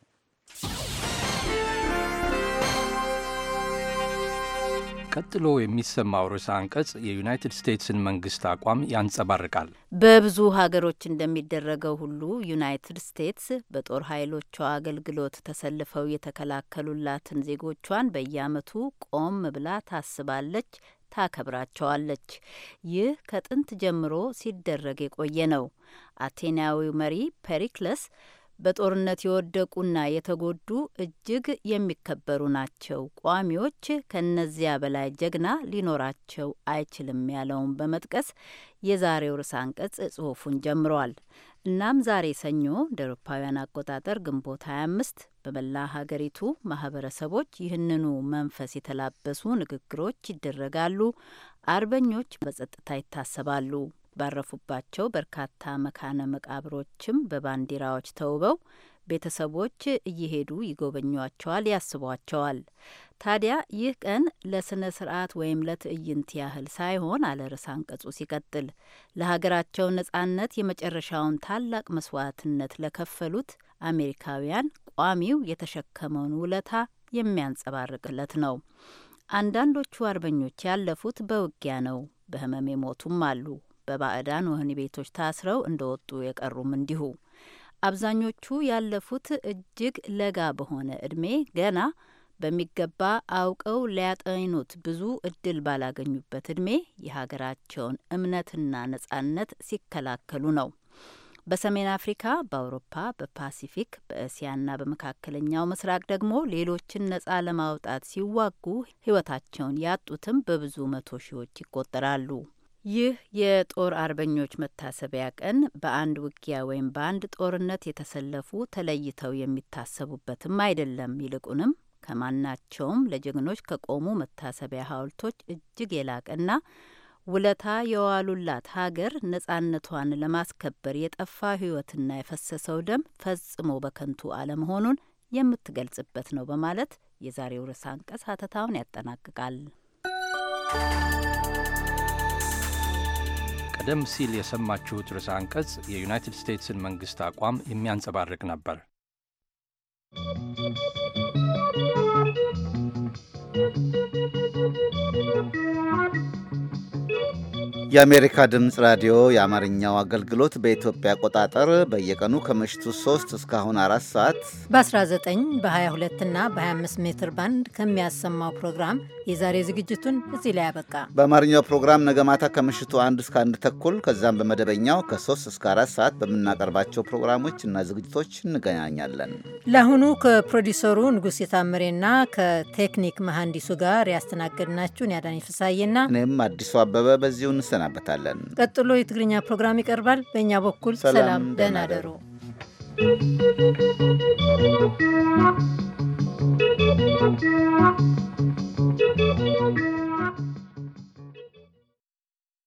ቀጥሎ የሚሰማው ርዕሰ አንቀጽ የዩናይትድ ስቴትስን መንግስት አቋም ያንጸባርቃል። በብዙ ሀገሮች እንደሚደረገው ሁሉ ዩናይትድ ስቴትስ በጦር ኃይሎቿ አገልግሎት ተሰልፈው የተከላከሉላትን ዜጎቿን በየዓመቱ ቆም ብላ ታስባለች፣ ታከብራቸዋለች። ይህ ከጥንት ጀምሮ ሲደረግ የቆየ ነው። አቴናዊው መሪ ፔሪክለስ በጦርነት የወደቁና የተጎዱ እጅግ የሚከበሩ ናቸው። ቋሚዎች ከነዚያ በላይ ጀግና ሊኖራቸው አይችልም ያለውን በመጥቀስ የዛሬው ርዕሰ አንቀጽ ጽሑፉን ጀምሯል። እናም ዛሬ ሰኞ እንደ አውሮፓውያን አቆጣጠር ግንቦት 25 በመላ ሀገሪቱ ማህበረሰቦች ይህንኑ መንፈስ የተላበሱ ንግግሮች ይደረጋሉ። አርበኞች በጸጥታ ይታሰባሉ። ባረፉባቸው በርካታ መካነ መቃብሮችም በባንዲራዎች ተውበው ቤተሰቦች እየሄዱ ይጎበኟቸዋል፣ ያስቧቸዋል። ታዲያ ይህ ቀን ለስነ ስርዓት ወይም ለትዕይንት ያህል ሳይሆን አለ ርዕሰ አንቀጹ ሲቀጥል ለሀገራቸው ነጻነት የመጨረሻውን ታላቅ መስዋዕትነት ለከፈሉት አሜሪካውያን ቋሚው የተሸከመውን ውለታ የሚያንጸባርቅለት ነው። አንዳንዶቹ አርበኞች ያለፉት በውጊያ ነው። በህመም የሞቱም አሉ። በባዕዳን ወህኒ ቤቶች ታስረው እንደወጡ የቀሩም እንዲሁ። አብዛኞቹ ያለፉት እጅግ ለጋ በሆነ እድሜ ገና በሚገባ አውቀው ሊያጠኑት ብዙ እድል ባላገኙበት እድሜ የሀገራቸውን እምነትና ነጻነት ሲከላከሉ ነው። በሰሜን አፍሪካ፣ በአውሮፓ፣ በፓሲፊክ፣ በእስያና በመካከለኛው ምስራቅ ደግሞ ሌሎችን ነጻ ለማውጣት ሲዋጉ ህይወታቸውን ያጡትም በብዙ መቶ ሺዎች ይቆጠራሉ። ይህ የጦር አርበኞች መታሰቢያ ቀን በአንድ ውጊያ ወይም በአንድ ጦርነት የተሰለፉ ተለይተው የሚታሰቡበትም አይደለም። ይልቁንም ከማናቸውም ለጀግኖች ከቆሙ መታሰቢያ ሐውልቶች እጅግ የላቀና ውለታ የዋሉላት ሀገር ነጻነቷን ለማስከበር የጠፋ ሕይወትና የፈሰሰው ደም ፈጽሞ በከንቱ አለመሆኑን የምትገልጽበት ነው በማለት የዛሬው ርዕሰ አንቀጽ ሀተታውን ያጠናቅቃል። ቀደም ሲል የሰማችሁት ርዕሰ አንቀጽ የዩናይትድ ስቴትስን መንግሥት አቋም የሚያንጸባርቅ ነበር። Thank you. የአሜሪካ ድምፅ ራዲዮ የአማርኛው አገልግሎት በኢትዮጵያ አቆጣጠር በየቀኑ ከምሽቱ 3 እስካሁን አራት ሰዓት በ19 በ22 እና በ25 ሜትር ባንድ ከሚያሰማው ፕሮግራም የዛሬ ዝግጅቱን እዚህ ላይ ያበቃ። በአማርኛው ፕሮግራም ነገ ማታ ከምሽቱ 1 እስከ 1 ተኩል ከዛም በመደበኛው ከ3 እስከ 4 ሰዓት በምናቀርባቸው ፕሮግራሞች እና ዝግጅቶች እንገናኛለን። ለአሁኑ ከፕሮዲሰሩ ንጉሥ የታምሬና ከቴክኒክ መሐንዲሱ ጋር ያስተናገድናችሁን ያዳኝ ፍሳዬና እኔም አዲሱ አበበ በዚሁ እንሰናል እንሰናበታለን። ቀጥሎ የትግርኛ ፕሮግራም ይቀርባል። በእኛ በኩል ሰላም፣ ደህና ደሩ።